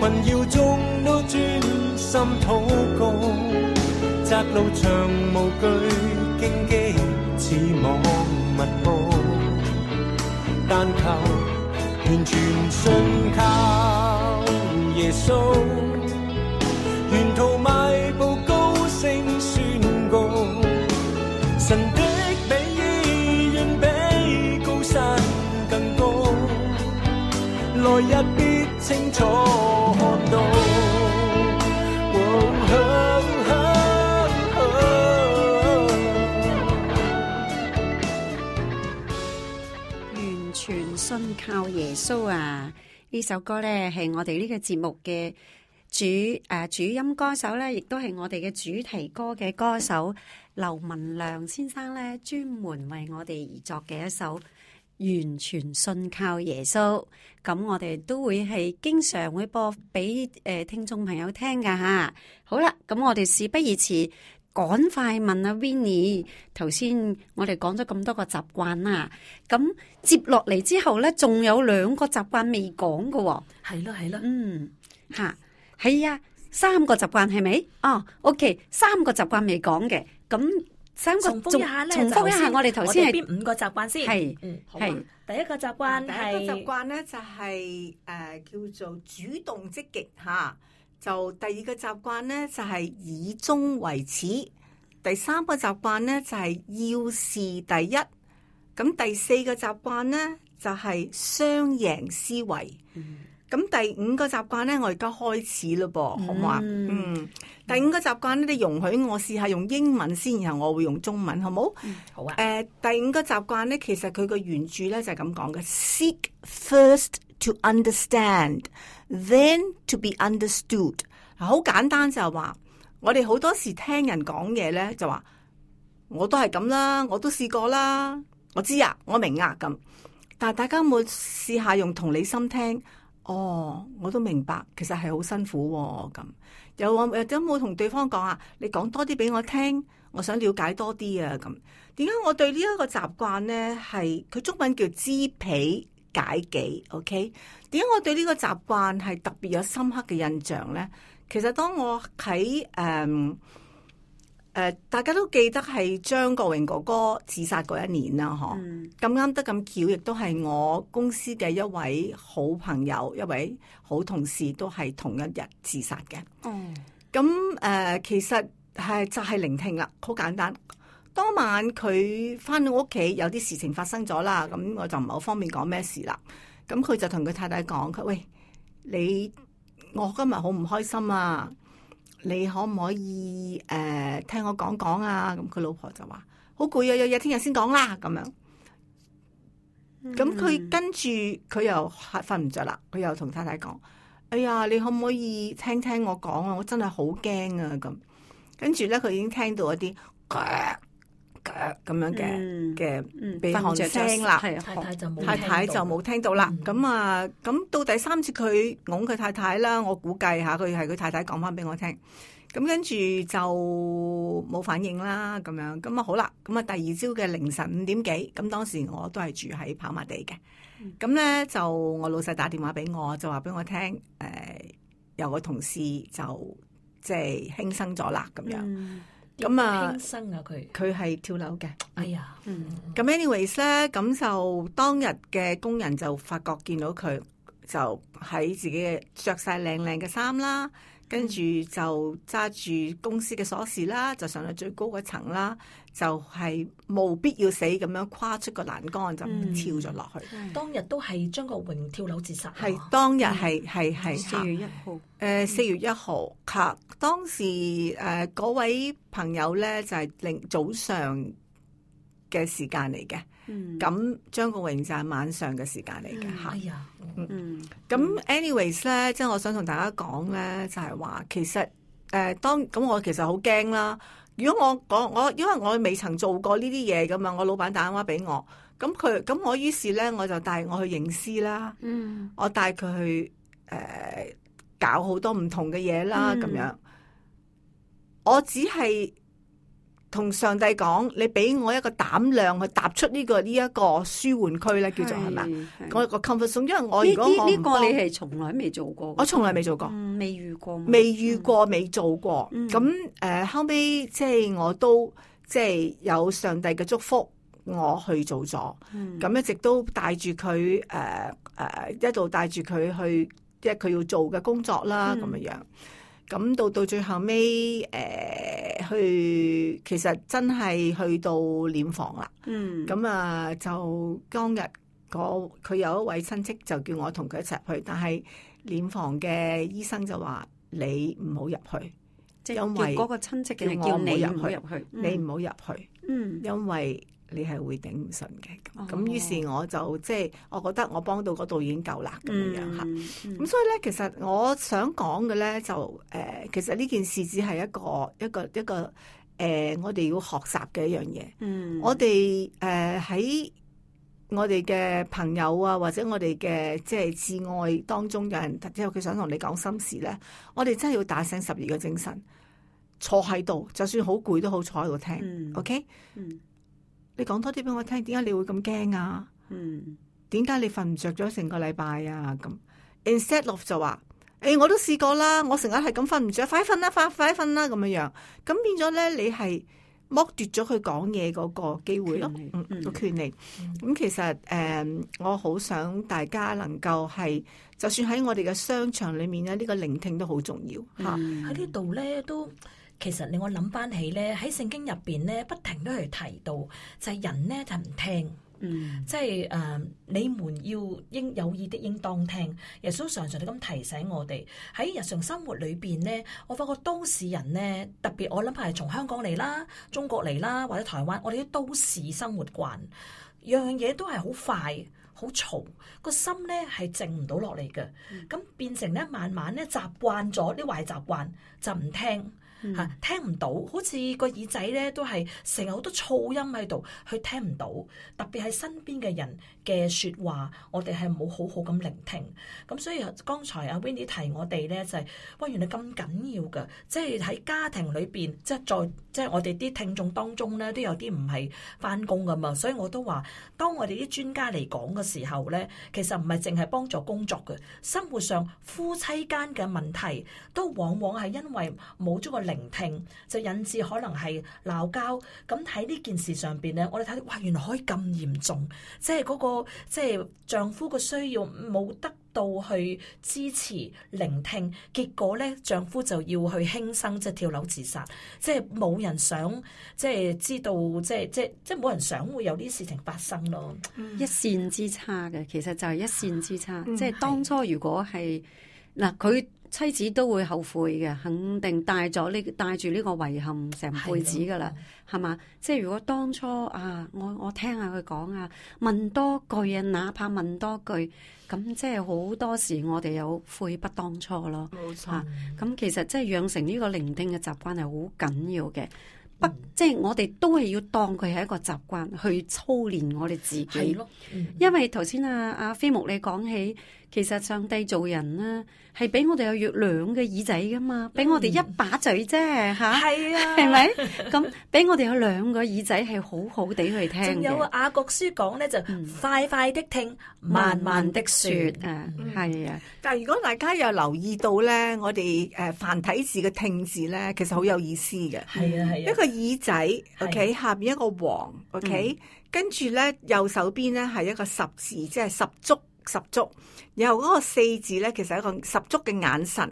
C: 困擾中都專心禱告，
A: 窄路長無懼荊棘似網密布，但求完全信靠耶穌，沿途邁步高
C: 聲宣告，神的美意遠比高山更高，來日必清楚。
A: 完全信靠耶穌啊！呢首歌咧，係我哋呢個節目嘅主誒、啊、主音歌手咧，亦都係我哋嘅主題歌嘅歌手劉文亮先生咧，專門為我哋而作嘅一首。完全信靠耶穌，咁我哋都會係經常會播俾誒聽眾朋友聽噶吓。好啦，咁我哋事不宜遲，趕快問阿 Winnie。頭先我哋講咗咁多個習慣啦，咁接落嚟之後咧，仲有兩個習慣未講噶。
B: 係咯係咯，嗯
A: 吓，係呀，三個習慣係咪？哦，OK，三個習慣未講嘅，咁。想重複一下咧，重複一下我，我哋頭先係邊五
B: 個習
C: 慣先，係是，係、嗯。好是第一個習慣，第一個習慣咧，就係誒叫做主動積極吓。就第二個習慣咧，就係以終為始。第三個習慣咧，就係要事第一。咁第四個習慣咧，就係雙贏思維。咁、嗯、第五個習慣咧，我而家開始咯，噃好唔好啊？嗯，嗯，第五個習慣咧，你容許我試下用英文先，然後我會用中文，好唔好？嗯，好啊。誒、呃，第五個習慣咧，其實佢個原著咧就係咁講嘅：seek first to understand, then to be understood。好簡單就係話，我哋好多時聽人講嘢咧，就話我都係咁啦，我都試過啦，我知啊，我明啊，咁但係大家冇試下用同理心聽。哦，我都明白，其實係好辛苦喎、哦。咁又我有冇同對方講啊？你講多啲俾我聽，我想了解多啲啊。咁點解我對呢一個習慣呢？係佢中文叫知彼解己。OK？點解我對呢個習慣係特別有深刻嘅印象呢？其實當我喺誒。嗯誒，大家都記得係張國榮哥哥自殺嗰一年啦，嗬、嗯。咁啱得咁巧，亦都係我公司嘅一位好朋友、一位好同事，都係同一日自殺嘅。咁誒、嗯呃，其實係就係、是、聆聽啦，好簡單。當晚佢返到屋企，有啲事情發生咗啦，咁我就唔係好方便講咩事啦。咁佢就同佢太太講：佢喂，你，我今日好唔開心啊！你可唔可以誒、呃、聽我講講啊？咁佢老婆就話：好攰啊，有嘢聽日先講啦咁樣。咁佢、mm hmm. 跟住佢又瞓唔着啦，佢又同太太講：哎呀，你可唔可以聽聽我講啊？我真係好驚啊！咁跟住咧，佢已經聽到一啲、呃。咁樣嘅，嘅，嗯嗯、被汗聲啦，太太太太就冇聽到啦。咁啊，咁、嗯、到第三次佢拱佢太太啦，我估計吓，佢係佢太太講翻俾我聽。咁跟住就冇反應啦，咁樣。咁啊好啦，咁啊第二朝嘅凌晨五點幾，咁當時我都係住喺跑馬地嘅。咁咧、嗯、就我老細打電話俾我，就話俾我聽，誒、呃，有個同事就即係、就是、輕生咗啦，咁樣。嗯咁啊，輕
B: 生啊佢，
C: 佢係跳樓嘅。
B: 哎呀，嗯，
C: 咁 anyways 咧，咁就當日嘅工人就發覺見到佢，就喺自己嘅着晒靚靚嘅衫啦。跟住就揸住公司嘅鎖匙啦，就上到最高嗰層啦，就係、是、無必要死咁樣跨出個欄杆、嗯、就跳咗落去。當
B: 日都係張國榮跳樓自殺，係是、哦、
C: 當日係係係四月一號。誒四、呃、月一號，嚇、嗯！當時誒嗰、呃、位朋友咧就係、是、零早上嘅時間嚟嘅。咁張國榮就係晚上嘅時間嚟嘅吓。咁，anyways 咧，即係我想同大家講咧，就係話，其實誒、呃，當咁我其實好驚啦。如果我講我，我，因為我未曾做過呢啲嘢㗎嘛，我老闆打電話俾我，咁佢咁我於是咧，我就帶我去認屍啦。嗯，我帶佢去誒、呃，搞好多唔同嘅嘢啦，咁、嗯、樣。我只係。同上帝講，你俾我一個膽量去踏出呢、這個呢一、這個舒緩區咧，叫做係咪？我個 comfort zone 因為我如果呢呢這個你係從
A: 來未做，做過，我從來未做過，未遇過，未
C: 遇過，未做過。咁誒，後尾即係我都即係有上帝嘅祝福，我去做咗。咁、嗯、一直都帶住佢誒誒，一度帶住佢去即係佢要做嘅工作啦，咁樣樣。嗯咁到到最後尾，誒、呃、去其實真係去到殮房啦。嗯，咁啊就當日佢有一位親戚就叫我同佢一齊去，但係殮房嘅醫生就話你唔好入去，
A: 即係因為叫嗰個親戚嘅叫你唔好入去，你
C: 唔好入去，嗯，嗯因為。你係會頂唔順嘅，咁咁，oh, 於是我就即係、就是、我覺得我幫到嗰度已經夠啦咁樣嚇。咁、嗯嗯、所以咧，其實我想講嘅咧就誒、呃，其實呢件事只係一個一個一個誒、呃，我哋要學習嘅一樣嘢。嗯、我哋誒喺我哋嘅朋友啊，或者我哋嘅即係摯愛當中，有人之後佢想同你講心事咧，我哋真係要打醒十二個精神，坐喺度，就算好攰都好，坐喺度聽。嗯、OK、嗯。你講多啲俾我聽，點解你會咁驚啊，嗯啊、欸？嗯，點解你瞓唔着咗成個禮拜啊？咁，instead of 就話，誒，我都試過啦，我成日係咁瞓唔着，快瞓啦，快快瞓啦，咁樣樣，咁變咗咧，你係剝奪咗佢講嘢嗰個機會咯，嗯，個權利。咁、嗯嗯、其實誒，uh, 我好想大家能夠係，就算喺我哋嘅
B: 商場裏面咧，呢、這個聆聽都好重要吓。喺、嗯嗯、呢度咧都。其實令我諗翻起咧，喺聖經入邊咧，不停都係提到，就係、是、人咧就唔聽，嗯、mm.，即係誒，你們要應有意的應當聽。耶穌常常都咁提醒我哋，喺日常生活裏邊咧，我發覺都市人咧，特別我諗係從香港嚟啦、中國嚟啦或者台灣，我哋啲都市生活慣，樣樣嘢都係好快、好嘈，個心咧係靜唔到落嚟嘅，咁、mm. 變成咧慢慢咧習慣咗啲壞習慣，就唔聽。吓，聽唔到，好似個耳仔咧都係成日好多噪音喺度，佢聽唔到。特別係身邊嘅人嘅說話，我哋係冇好好咁聆聽。咁所以剛才阿 Winnie 提我哋咧就係，喂，原來咁緊要噶，即係喺家庭裏邊，即係在即係我哋啲聽眾當中咧，都有啲唔係翻工噶嘛。所以我都話，當我哋啲專家嚟講嘅時候咧，其實唔係淨係幫助工作嘅，生活上夫妻間嘅問題都往往係因為冇咗個。聆聽就引致可能係鬧交，咁喺呢件事上邊咧，我哋睇到哇，原來可以咁嚴重，即係嗰、嗰個即係丈夫嘅需要冇得到去支持聆聽，結果咧丈夫就要去輕生，即係跳樓自殺，即係冇人想即係知道，即係即係即係冇人想會有啲事情發生咯，
A: 嗯、一綫之差嘅，其實就係一綫之差，嗯、即係當初如果係嗱佢。的妻子都會後悔嘅，肯定帶咗呢帶住呢個遺憾成輩子噶啦，係嘛的？即係如果當初啊，我我聽下佢講啊，問多句啊，哪怕問多句，咁即係好多時我哋有悔不當初咯。冇錯的，咁、啊、其實即係養成呢個聆聽嘅習慣係好緊要嘅，不、嗯、即係我哋都係要當佢係一個習慣去操練我哋自己，咯，嗯、因為頭先啊，阿飛牧你講起。其實上帝造人咧、啊，係俾我哋有約兩個耳仔噶嘛，俾我哋一把嘴啫，吓係、嗯、啊，係咪是、啊？ 咁俾我哋有兩個耳仔係好好地去聽。仲有啊，雅
B: 各書講咧，
A: 就快快的聽，慢慢的說啊，係啊。但
C: 係如果大家有留意到咧，我哋誒繁體字嘅聽字咧，其實好有意思嘅。係啊係啊，一個耳仔，OK，下邊一個王，OK，、嗯、跟住，咧右手邊咧係一個十字，即係十足。十足，然後嗰個四字咧，其實係一個十足嘅眼神，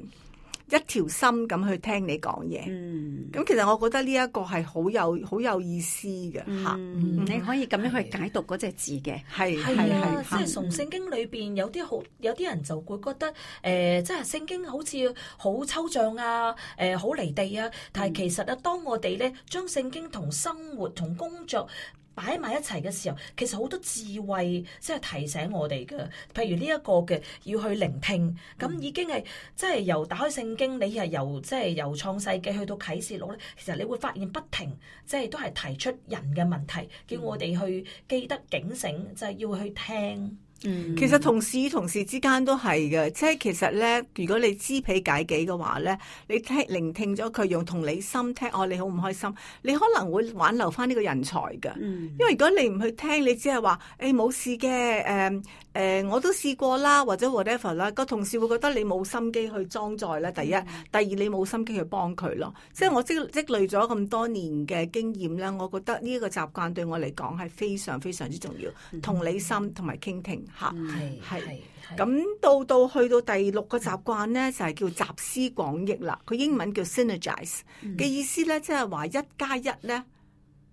C: 一條心咁去聽你講嘢。咁、嗯、其實我覺得呢一個係好有好有意思嘅，吓，嗯、你可以咁樣去解讀嗰隻字
B: 嘅，係係啊，啊即係從聖經裏邊有啲好，有啲人就會覺得誒、呃，即係聖經好似好抽象啊，誒、呃，好離地啊。但係其實啊，當我哋咧將聖經同生活同工作。擺埋一齊嘅時候，其實好多智慧即係提醒我哋嘅，譬如呢、這、一個嘅要去聆聽，咁已經係即係由打開聖經，你係由即係、就是、由創世記去到啟示錄咧，其實你會發現不停，即、就、係、是、都係提出人嘅問題，叫我哋去記得警醒，就係、是、要去聽。
C: 嗯、其實同事與同事之間都係嘅，即係其實咧，如果你知彼解己嘅話咧，你聽聆聽咗佢用同理心聽，哦，你好唔開心，你可能會挽留翻呢個人才嘅。嗯、因為如果你唔去聽，你只係話，誒、哎、冇事嘅，誒、嗯、誒、嗯，我都試過啦，或者 whatever 啦，個同事會覺得你冇心機去裝載咧。第一，第二，你冇心機去幫佢咯。即係我積積累咗咁多年嘅經驗咧，我覺得呢一個習慣對我嚟講係非常非常之重要，嗯、同理心同埋傾聽。吓係係咁到到去到第六個習慣咧，就係叫集思廣益啦。佢英文叫 synergize 嘅意思咧，即係話一加一咧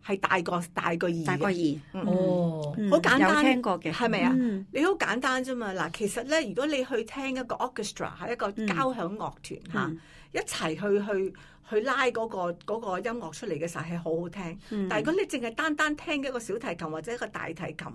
C: 係大個大個二大個二哦，好簡單有聽過嘅係咪啊？你好簡單啫嘛！嗱，其實咧，如果你去聽一個 orchestra，係一個交響樂團吓，一齊去去去拉嗰個嗰個音樂出嚟嘅時候係好好聽。但係如果你淨係單單聽一個小提琴或者一個大提琴。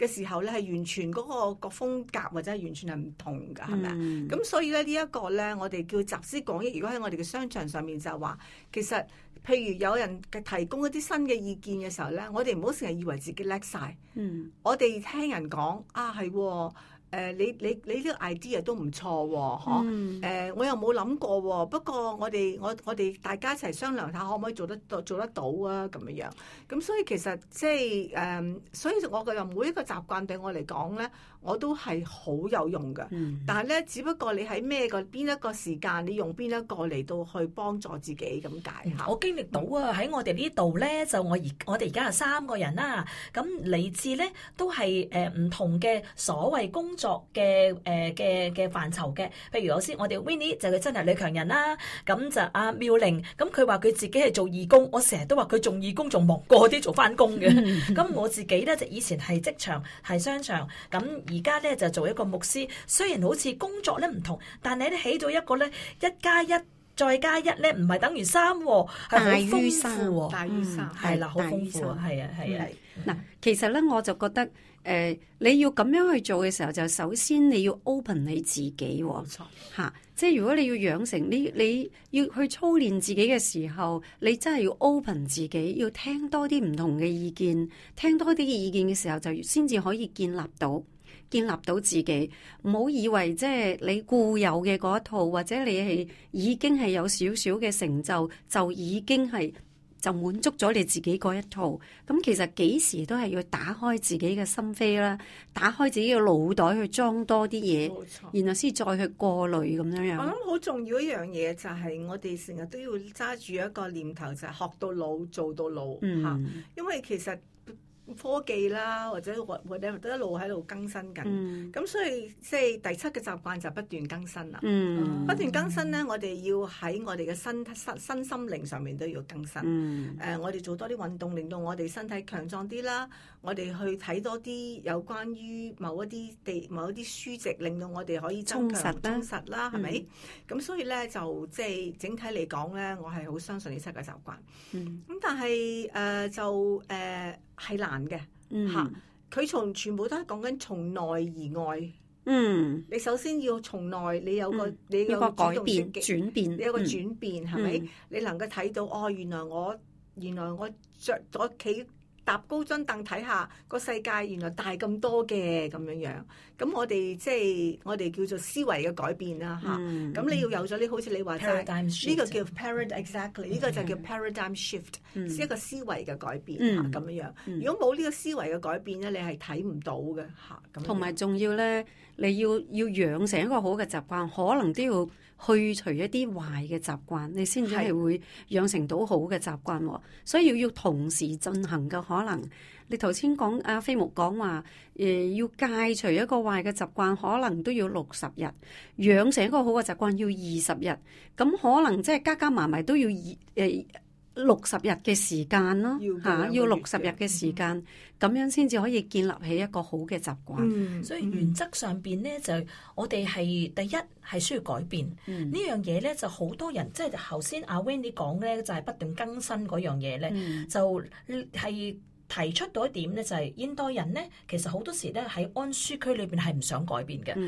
C: 嘅時候咧，係完全嗰個個風格或者係完全係唔同㗎，係咪啊？咁所以咧，呢一個咧，我哋叫集思廣益。如果喺我哋嘅商場上面就係話，其實譬如有人提供一啲新嘅意見嘅時候咧，我哋唔好成日以為自己叻晒。嗯，我哋聽人講啊，係喎。誒你你你呢個 idea 都唔錯喎，嗬！誒我又冇諗過喎，不過我哋我我哋大家一齊商量下，可唔可以做得到做得到啊？咁樣樣，咁所以其實即係誒，所以我嘅又每一個習慣對我嚟講咧。我都係好有用嘅，但係咧，只不過你喺咩
B: 個邊一個時間，你用邊一個嚟到去幫助自己咁解、嗯、我經歷到啊，喺我哋呢度咧，就我而我哋而家係三個人啦、啊，咁嚟自咧都係誒唔同嘅所謂工作嘅誒嘅嘅範疇嘅。譬如我先，我哋 Winnie 就佢真係女強人啦、啊，咁就阿、啊、妙玲，咁佢話佢自己係做義工，我成日都話佢仲義工仲忙過啲做翻工嘅。咁 我自己咧就以前係職場，係商場咁。而家咧就做一個牧師，雖然好似工作咧唔同，但你咧起到一個咧一加一再加一咧，唔係等於三、哦，係好豐富、哦，大於三係啦，好豐富係啊係啊。嗱、嗯，其實咧我就覺得
A: 誒、呃，你要咁樣去做嘅時候，就首先你要 open 你自己冇、哦、吓錯、啊，即係如果你要養成你你要去操練自己嘅時候，你真係要 open 自己，要聽多啲唔同嘅意見，聽多啲意見嘅時候，就先至可以建立到。建立到自己，唔好以為即係你固有嘅嗰一套，或者你係已經係有少少嘅成就，就已經係就滿足咗你自己嗰一套。咁其實幾時都係要打開自己嘅心扉啦，打開自己嘅腦袋去裝多啲嘢，冇錯，然後先再去過濾咁樣樣。我諗
C: 好重要一樣嘢就係我哋成日都要揸住一個念頭，就係學到老做到老嚇，嗯、因為其實科技啦，或者或或都一路喺度更新緊，咁、嗯、所以即係第七嘅習慣就不斷更新啦。嗯、不斷更新咧，嗯、我哋要喺我哋嘅身身心靈上面都要更新。誒、嗯呃，我哋做多啲運動令到我哋身體強壯啲啦。我哋去睇多啲有關於某一啲地、某一啲書籍，令到我哋可以充實，實啦。充實啦，係咪、嗯？咁所以咧、嗯呃，就即係整體嚟講咧，我係好相信呢七個習慣，咁但係誒就誒。係難嘅，吓，佢從全部都係講緊從內而外。嗯，你首先要從內，你有個、嗯、你有個改變轉變，你有個轉變係咪？吧嗯、你能夠睇到哦，原來我原來我着我企。搭高樽凳睇下個世界，原來大咁多嘅，咁樣樣。咁我哋即係我哋叫做思維嘅改變啦，吓、mm。咁、hmm. 你要有咗，呢，好似你話齋，呢個叫 paradigm shift，呢個就叫 paradigm shift，、
A: mm hmm. 是一個思維嘅改變吓咁樣樣。如果冇呢個思維嘅改變咧，你係睇唔到嘅吓。同埋仲要咧，你要要養成一個好嘅習慣，可能都要。去除一啲壞嘅習慣，你先至係會養成到好嘅習慣，的所以要同時進行嘅可能。你頭先講阿飛牧講話，誒、呃、要戒除一個壞嘅習慣，可能都要六十日，養成一個好嘅習慣要二十日，咁可能即係加加埋埋都要二誒，呃六十日嘅時間啦，嚇要六十日嘅時間，咁樣先至可以建立起一個
B: 好嘅習慣。所以原則上邊咧、嗯、就我哋係第一係需要改變、嗯、樣呢樣嘢咧，就好多人即係頭先阿 Winnie 講咧，就係、是、不斷更新嗰樣嘢咧，嗯、就係提出到一點咧、就是，就係現代人咧，其實好多時咧喺安舒區裏邊係唔想改變嘅。咁不、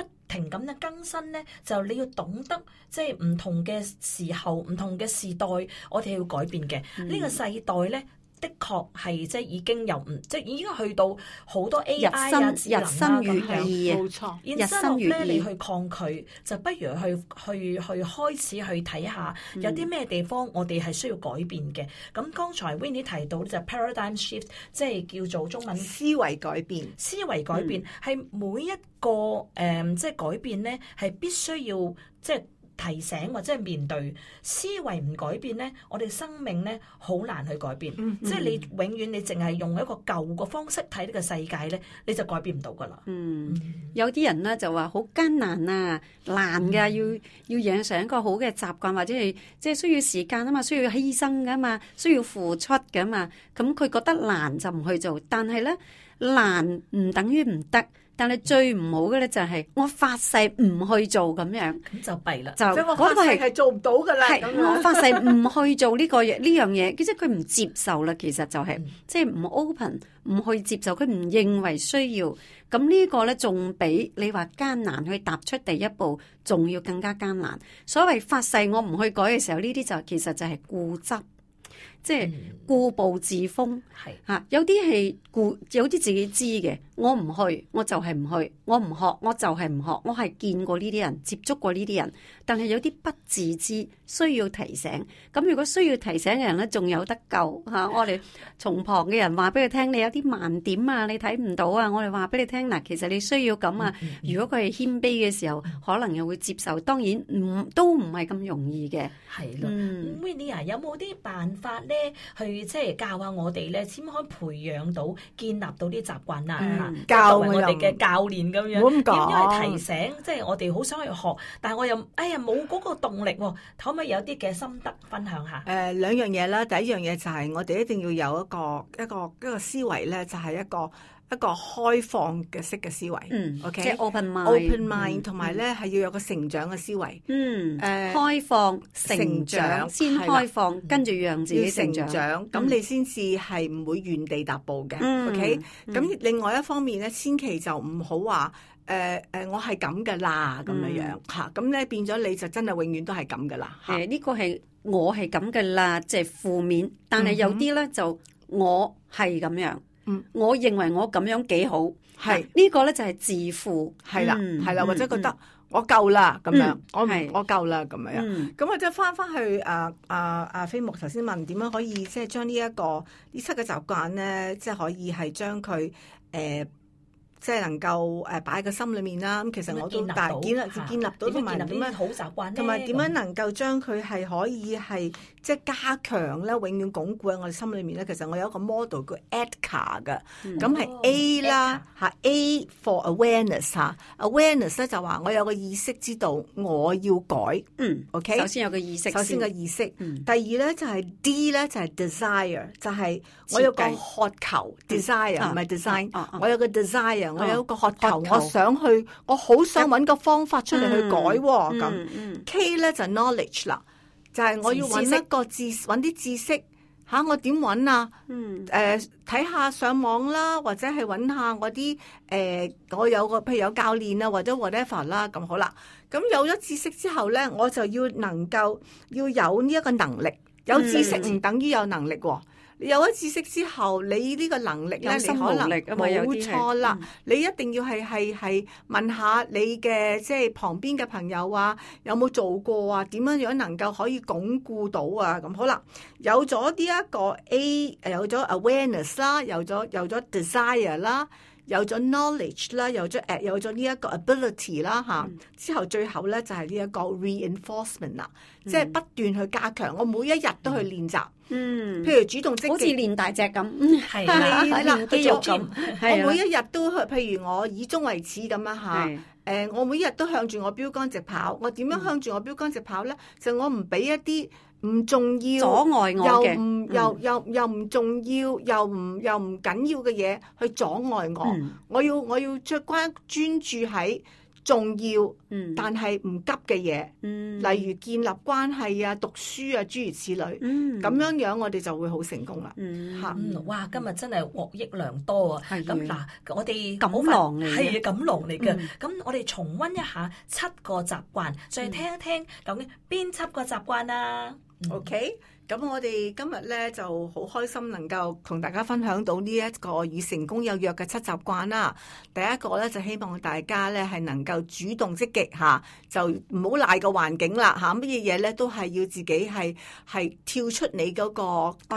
B: 嗯嗯情感嘅更新咧，就你要懂得，即係唔同嘅時候，唔同嘅時代，我哋係要改變嘅。呢、嗯、個世代咧。的確係，即係已經又唔即係已經去到好多 AI、智能咁樣，冇錯 In 日新月異，日新月異。你去抗拒，就不如去去去開始去睇下，嗯、有啲咩地方我哋係需要改變嘅。咁剛才 Winnie 提到就是、paradigm shift，即係叫做中文思維改變。思維改變係、嗯、每一個誒、嗯，即係改變咧，係必須要即係。即提醒或者係面對思維唔改變咧，我哋生命咧好難去改變。嗯嗯、即係你永遠你淨係用一個舊嘅方式睇呢個世界咧，你就改變唔到噶啦。嗯，嗯
A: 有啲人咧就話好艱難啊，難噶、嗯、要要養成一個好嘅習慣，或者係即係需要時間啊嘛，需要犧牲噶嘛，需要付出噶嘛。咁佢覺得難就唔去做，但係咧難唔等於唔得。但係最唔好嘅咧就係我發誓唔去做咁樣，
B: 咁就弊啦，就嗰個係做唔到噶啦。係我發誓唔
A: 去做呢個呢樣嘢，即係佢唔接受啦。其實就係即係唔 open 唔去接受，佢唔認為需要咁呢個咧，仲比你話艱難去踏出第一步，仲要更加艱難。所謂發誓我唔去改嘅時候，呢啲就其實就係固執。即係固步自封，嚇是、啊、有啲係固有啲自己知嘅，我唔去我就係唔去，我唔學我就係唔學，我係見過呢啲人，接觸過呢啲人，但係有啲不自知，需要提醒。咁、啊、如果需要提醒嘅人咧，仲有得救嚇、啊。我哋從旁嘅人話俾佢聽，你有啲盲點啊，你睇唔到啊。我哋話俾你聽，嗱、啊，其實你需要咁啊。如果佢係謙卑嘅時候，可能又會接受。當然唔、嗯、都唔係咁容易嘅。
B: 係咯，Winnie 有冇啲辦法？咧，去即係教下我哋咧，先可以培養到、建立到啲習慣啊！嗯、我教我哋嘅教練咁樣，點樣去提醒？即係我哋好想去學，但係我又哎呀，冇嗰個動力喎。可唔可以有啲嘅心得分享下？誒、
C: 呃，兩樣嘢啦，第一樣嘢就係我哋一定要有一個、一個、一個思維咧，就係一個。一個開放嘅式嘅思維，OK，即係 open mind，open mind，同埋咧係要有個成長嘅思維，
A: 嗯，誒，開放成長先開放，跟住讓自己
C: 成長，咁你先至係唔會原地踏步嘅，OK，咁另外一方面咧，千祈就唔好話，誒誒，我係咁嘅啦，咁樣樣吓，咁
A: 咧變咗你就真係永遠都係咁噶啦，誒，呢個係我係咁嘅啦，即係負面，但係有啲咧就我係咁樣。嗯，我認為我咁樣幾好，係呢是個咧就係自負，係啦，係啦，或者覺得我夠啦咁樣，嗯、我的我夠啦咁樣，
C: 咁、嗯、啊即係返返去誒，阿阿飛牧頭先問點樣可以即係將呢一個呢七個習慣咧，即、就、係、是、可以係將佢誒，即、呃、係、就是、能夠誒擺喺個心裏面啦。咁其實我都但係建立，建立到同埋點樣，樣好習慣，同埋點樣能夠將佢係可以係。即係加強咧，永遠鞏固喺我哋心裏面咧。其實我有一個 model 叫 ADKAR 嘅，咁係 A 啦嚇，A for awareness 嚇。awareness 咧就話我有個意識知道我要改。嗯，OK。首先有個意識，首先個意識。第二咧就係 D 咧就係 desire，就係我有個渴求，desire 唔係 design。我有個 desire，我有個渴求，我想去，我好想揾個方法出嚟去改。咁 K 咧就 knowledge 啦。就係我要揾一個知識揾啲知識吓、啊，我點揾啊？誒、嗯，睇、呃、下上網啦，或者係揾下我啲誒、呃，我有個譬如有教練啊，或者 whatever 啦，咁好啦。咁有咗知識之後咧，我就要能夠要有呢一個能力。有知識唔等於有能力喎、哦。嗯有咗知識之後，你呢個能力咧，心力你可能冇錯啦。嗯、你一定要係係係問下你嘅即係旁邊嘅朋友啊，有冇做過啊？點樣樣能夠可以鞏固到啊？咁好啦，有咗呢一個 A，有咗 awareness 啦，有咗有咗 desire 啦，有咗 knowledge 啦，有咗誒有咗呢一個 ability 啦吓，嗯、之後最後咧就係呢一個 reinforcement 啦，嗯、即係不斷去加強。我每一日都去練習。嗯嗯嗯，譬如主動積極好似練大隻咁，係啊的，繼續咁。嗯、
A: 我每一
C: 日都，去，譬如我以終為始咁的啊吓。誒，我每一日都向住我標杆直跑。我點樣向住我標杆直跑咧？就我唔俾一啲唔重要阻礙我嘅，唔又又又唔重要，又唔又唔緊要嘅嘢去阻礙我，的我。我要我要着關專注喺。重要，但係唔急嘅嘢，嗯、例如建立關係啊、讀書啊諸如此類，咁樣、嗯、樣我哋就會好成功啦。
B: 嚇、嗯！嗯、哇，今日真係獲益良多啊！咁嗱的，我哋係錦囊嚟嘅，咁、嗯、我哋重溫一下七個習慣，嗯、再聽一聽，究竟邊七個習慣啊、嗯嗯？OK。咁我哋今日
C: 咧就好開心，能夠同大家分享到呢一個與成功有約嘅七習慣啦。第一個咧就希望大家咧係能夠主動積極吓，就唔好賴個環境啦吓，乜嘢嘢咧都係要自己係係跳出你嗰、那個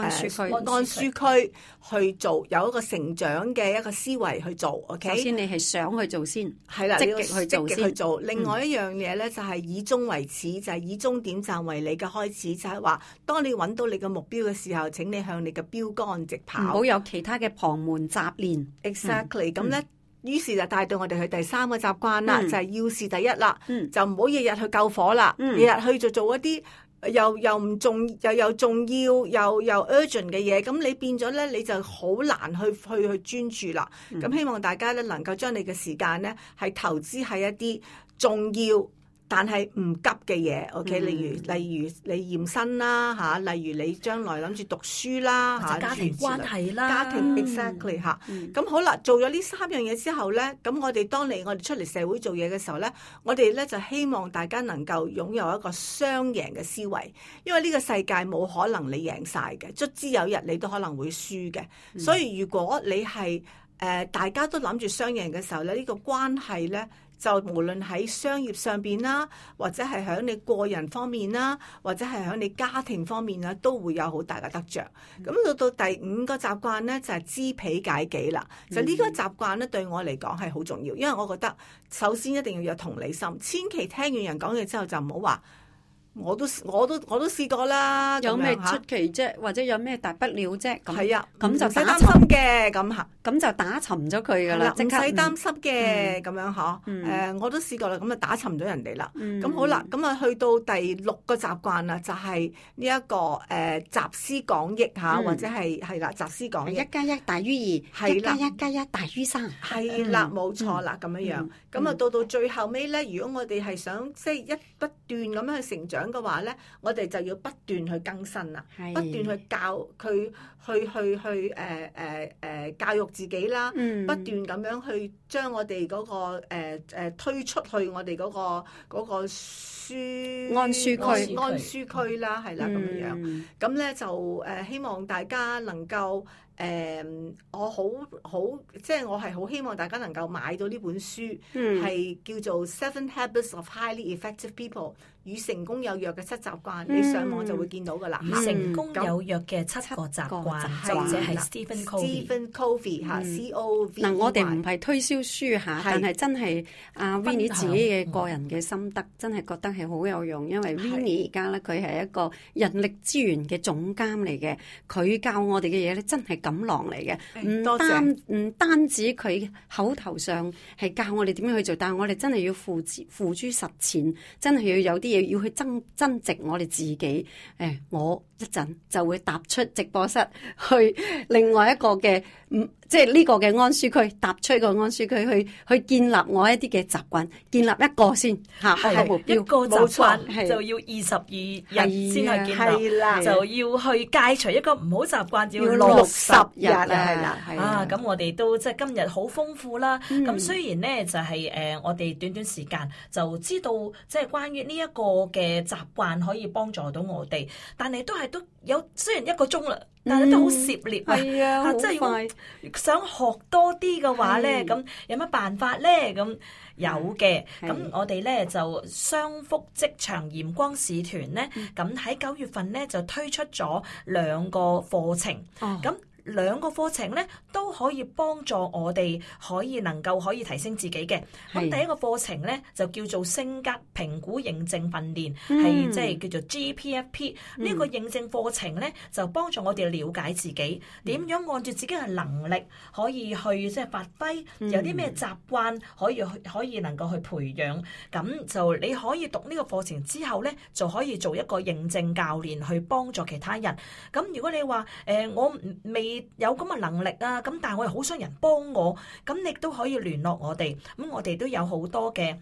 C: 安舒區，安舒區去做，去做有一個成長嘅一個思維去做。O、okay? K，首先你係想去做先，係啦了，積極去做先，先去做先。另外一樣嘢咧就係以終為始，就係、是、以終、就是、點站為你嘅開始，就係、是、話當你揾到你嘅目標嘅時候，請你向你嘅標杆直跑，好、嗯，有其他嘅旁門雜念。Exactly，咁咧、嗯，於、嗯、是就帶到我哋去第三個習慣啦，嗯、就係要事第一啦。嗯，就唔好日日去救火啦，日日、嗯、去就做一啲又又唔重要又又重要又又 urgent 嘅嘢，咁你變咗咧，你就好難去去去專注啦。咁、嗯嗯、希望大家咧，能夠將你嘅時間咧，係投資喺一啲重要。但係唔急嘅嘢，OK，例如、嗯、例如你驗身啦，嚇、啊，例如你將來諗住讀書啦，嚇、啊，家庭關係啦，嗯、家庭 exactly 嚇、啊，咁、嗯、好啦，做咗呢三樣嘢之後咧，咁我哋當你我哋出嚟社會做嘢嘅時候咧，我哋咧就希望大家能夠擁有一個雙贏嘅思維，因為呢個世界冇可能你贏晒嘅，卒之有日你都可能會輸嘅，嗯、所以如果你係誒、呃、大家都諗住雙贏嘅時候咧，呢、這個關係咧。就無論喺商業上邊啦，或者係喺你個人方面啦，或者係喺你家庭方面啦，都會有好大嘅得着。咁到到第五個習慣呢，就係知彼解己啦。就呢個習慣呢，對我嚟講係好重要，因為我覺得首先一定要有同理心，千祈聽完人講嘢之
A: 後就唔好話。我都我都我都試過啦，有咩出奇啫？或者有咩大不了啫？係啊，咁就唔使擔心嘅，咁嚇，咁就打沉咗佢噶啦，唔使擔心嘅
C: 咁樣呵。誒，我都試過啦，咁啊打沉咗人哋啦。咁好啦，咁啊去到第六個習慣啊，就係呢一個誒集思廣益嚇，或者係係啦集思廣益。一加一大於二，係啦，一加一加一大於三，係啦，冇錯啦，咁樣樣。咁啊到到最後尾咧，如果我哋係想即係一不斷咁樣去成長。咁嘅話咧，我哋就要不斷去更新啦，是不斷去教佢，去去去，誒誒誒，教育自己啦，嗯、不斷咁樣去將我哋嗰，那個，誒、呃、誒，推出去我哋嗰，那個嗰，那個書安舒區安舒區啦，係、嗯、啦咁樣。咁咧、嗯、就，誒、呃，希望大家能夠，誒、呃，我好好，即係、就是、我係好希望大家能夠買到呢本書，係、嗯、叫做《Seven Habits of Highly Effective People》。與成功有約嘅七習慣，你上網就會見到嘅啦。成功有約嘅七
A: 七個習慣，或者係
C: Stephen Covey，Stephen Covey 嚇 C O V。嗱，我哋唔
A: 係推銷書嚇，但係真係阿 Winnie 自己嘅個人嘅心得，真係覺得係好有用。因為 Winnie 而家咧，佢係一個人力資源嘅總監嚟嘅，佢教我哋嘅嘢咧，真係錦囊嚟嘅。唔單唔單止佢口頭上係教我哋點樣去做，但係我哋真係要付付諸實踐，真係要有啲要去增增值我哋自己，誒，我一陣就會踏出直播室，去另外一個嘅唔。嗯即係呢個嘅安舒區，踏出個安舒區去去建立我一啲嘅習慣，建立一個先吓，開個目標，係啦，一個習慣，冇錯，係啦，就要
B: 二十二日先去建立，係啦，就要去戒除一個唔好習慣，係啦，要六十日啊，係啦，啊咁我哋都即係今日好豐富啦。咁雖然呢，就係，誒，呃，我哋短短時間就知道，即係關於呢一個嘅習慣可以幫助到我哋，但係都係都有雖然一個鐘啦。但係都好涉獵、嗯、啊！即係想學多啲嘅話咧，咁的有乜辦法咧？咁有嘅，咁、嗯、我哋咧的就商福職場鹽光使團咧，咁喺九月份咧就推出咗兩個課程，咁、哦。兩個課程咧都可以幫助我哋可以能夠可以提升自己嘅。咁第一個課程咧就叫做性格評估認證訓練，係即係叫做 GPFP 呢、嗯、個認證課程咧就幫助我哋了解自己點、嗯、樣按住自己嘅能力可以去即係發揮，有啲咩習慣可以可以能夠去培養，咁就你可以讀呢個課程之後咧就可以做一個認證教練去幫助其他人。咁如果你話誒、呃、我未有咁嘅能力啊，咁但係我又好想人幫我，咁你都可以聯絡我哋，咁我哋都有好多嘅。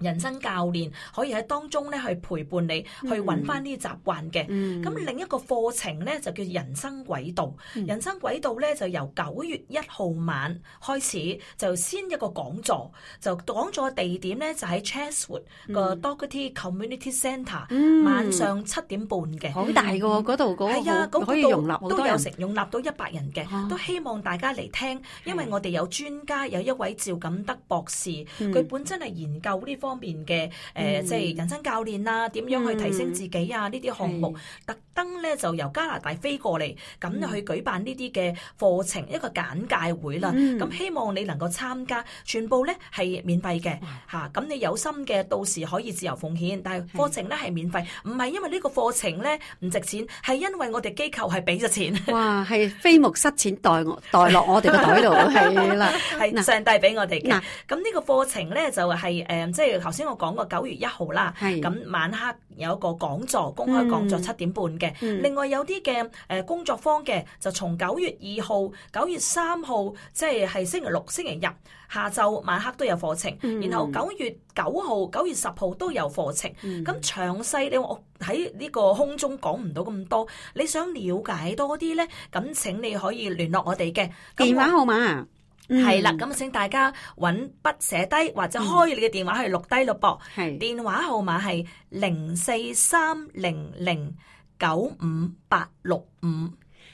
B: 人生教練可以喺當中咧去陪伴你去揾翻呢啲習慣嘅。咁另一個課程咧就叫人生軌道。人生軌道咧就由九月一號晚開始，就先一個講座，就講座地點咧就喺 Chesswood 個 Dougherty Community Centre，晚上七點半嘅。好大
A: 個度係係啊，嗰個容納都有成
B: 容納到一百人嘅，都希望大家嚟聽，因為我哋有專家，有一位趙錦德博士，佢本身係研究呢方，方面嘅誒，即係人生教練啦，點樣去提升自己啊？呢啲項目特登咧就由加拿大飛過嚟，咁去舉辦呢啲嘅課程一個簡介會啦。咁希望你能夠參加，全部咧係免費嘅吓。咁你有心嘅，到時可以自由奉獻，但係課程咧係免費，唔係因為呢個課程咧唔值錢，係因為我哋機構係俾咗錢。哇，
A: 係飛牧塞錢代我代落我哋嘅袋度，係啦，
B: 係上帝俾我哋嘅。咁呢個課程咧就係誒，即係。頭先我講過九月一號啦，咁是晚黑有一個講座，公開講座七點半嘅。嗯嗯、另外有啲嘅誒工作坊嘅，就從九月二號、九月三號，即係係星期六、星期日下晝晚黑都有課程。嗯、然後九月九號、九月十號都有課程。咁詳細咧，你話我喺呢個空中講唔到咁多。你想了解多啲呢？咁請你可以聯絡我哋嘅電話號碼、啊。係啦，咁、嗯、請大家揾筆寫低，或者開你嘅電話去錄低咯，噃、嗯。電話號碼係零四三零零九五八六五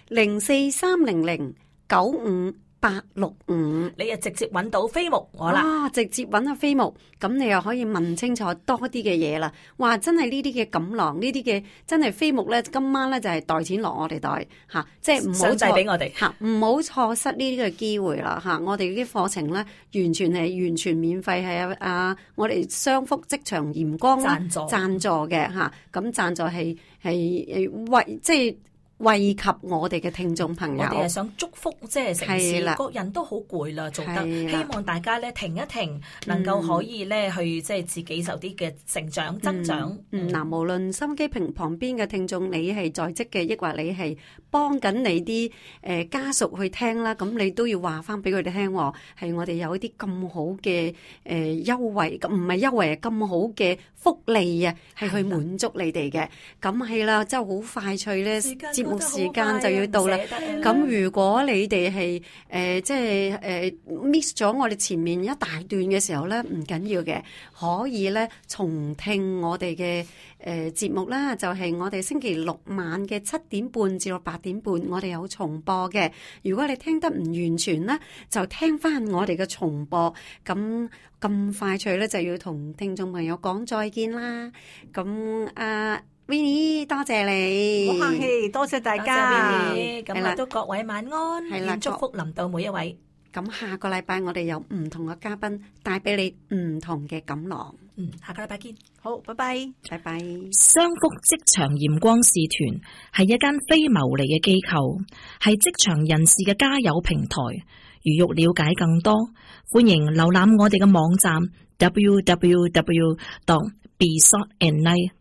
B: 零四三零零九五。八六五，65，你又直接揾到飛牧我啦，
A: 直接揾阿飛牧，咁你又可以問清楚多啲嘅嘢啦。哇，真係呢啲嘅錦囊，呢啲嘅真係飛牧咧，今晚咧就係袋錢落我哋袋，吓、啊，即係唔好制俾我哋吓，唔好錯失呢啲嘅機會啦吓、啊。我哋啲課程咧，完全係完全免費，係阿阿我哋商福職場鹽光贊助贊助嘅吓，咁、啊、贊助係係為即係。惠及我哋嘅聽眾朋友，我哋係想
B: 祝福，即係城市各人都好攰啦，做得希望大家咧停一停，能夠可以咧去即係自己受啲嘅成長增長。
A: 嗯嗱，無論心機屏旁邊嘅聽眾，你係在職嘅，抑或你係幫緊你啲誒家屬去聽啦，咁你都要話翻俾佢哋聽，係我哋有一啲咁好嘅誒優惠，咁唔係優惠啊，咁好嘅福利啊，係去滿足你哋嘅。咁係啦，即係好快脆咧接冇時間就要到啦，咁如果你哋係誒即係誒 miss 咗我哋前面一大段嘅時候咧，唔緊要嘅，可以咧重聽我哋嘅誒節目啦，就係我哋星期六晚嘅七點半至到八點半，我哋有重播嘅。如果你聽得唔完全咧，就聽翻我哋嘅重播。咁咁快脆咧，就要同聽眾朋友講再見啦。咁啊～Winnie，多謝你，唔客氣，多謝大家。係啦，咁祝各
B: 位晚安，願祝福臨
A: 到每一位。咁下個禮拜我哋有唔同嘅嘉賓帶俾你唔同嘅錦囊。
B: 嗯，下個禮拜見，好，拜拜，拜拜。商福職場鹽光使團係一間非牟利嘅機構，係職場人士嘅加油平台。如欲了解更多，歡迎瀏覽我哋嘅網站 www.dot.bsot.ni。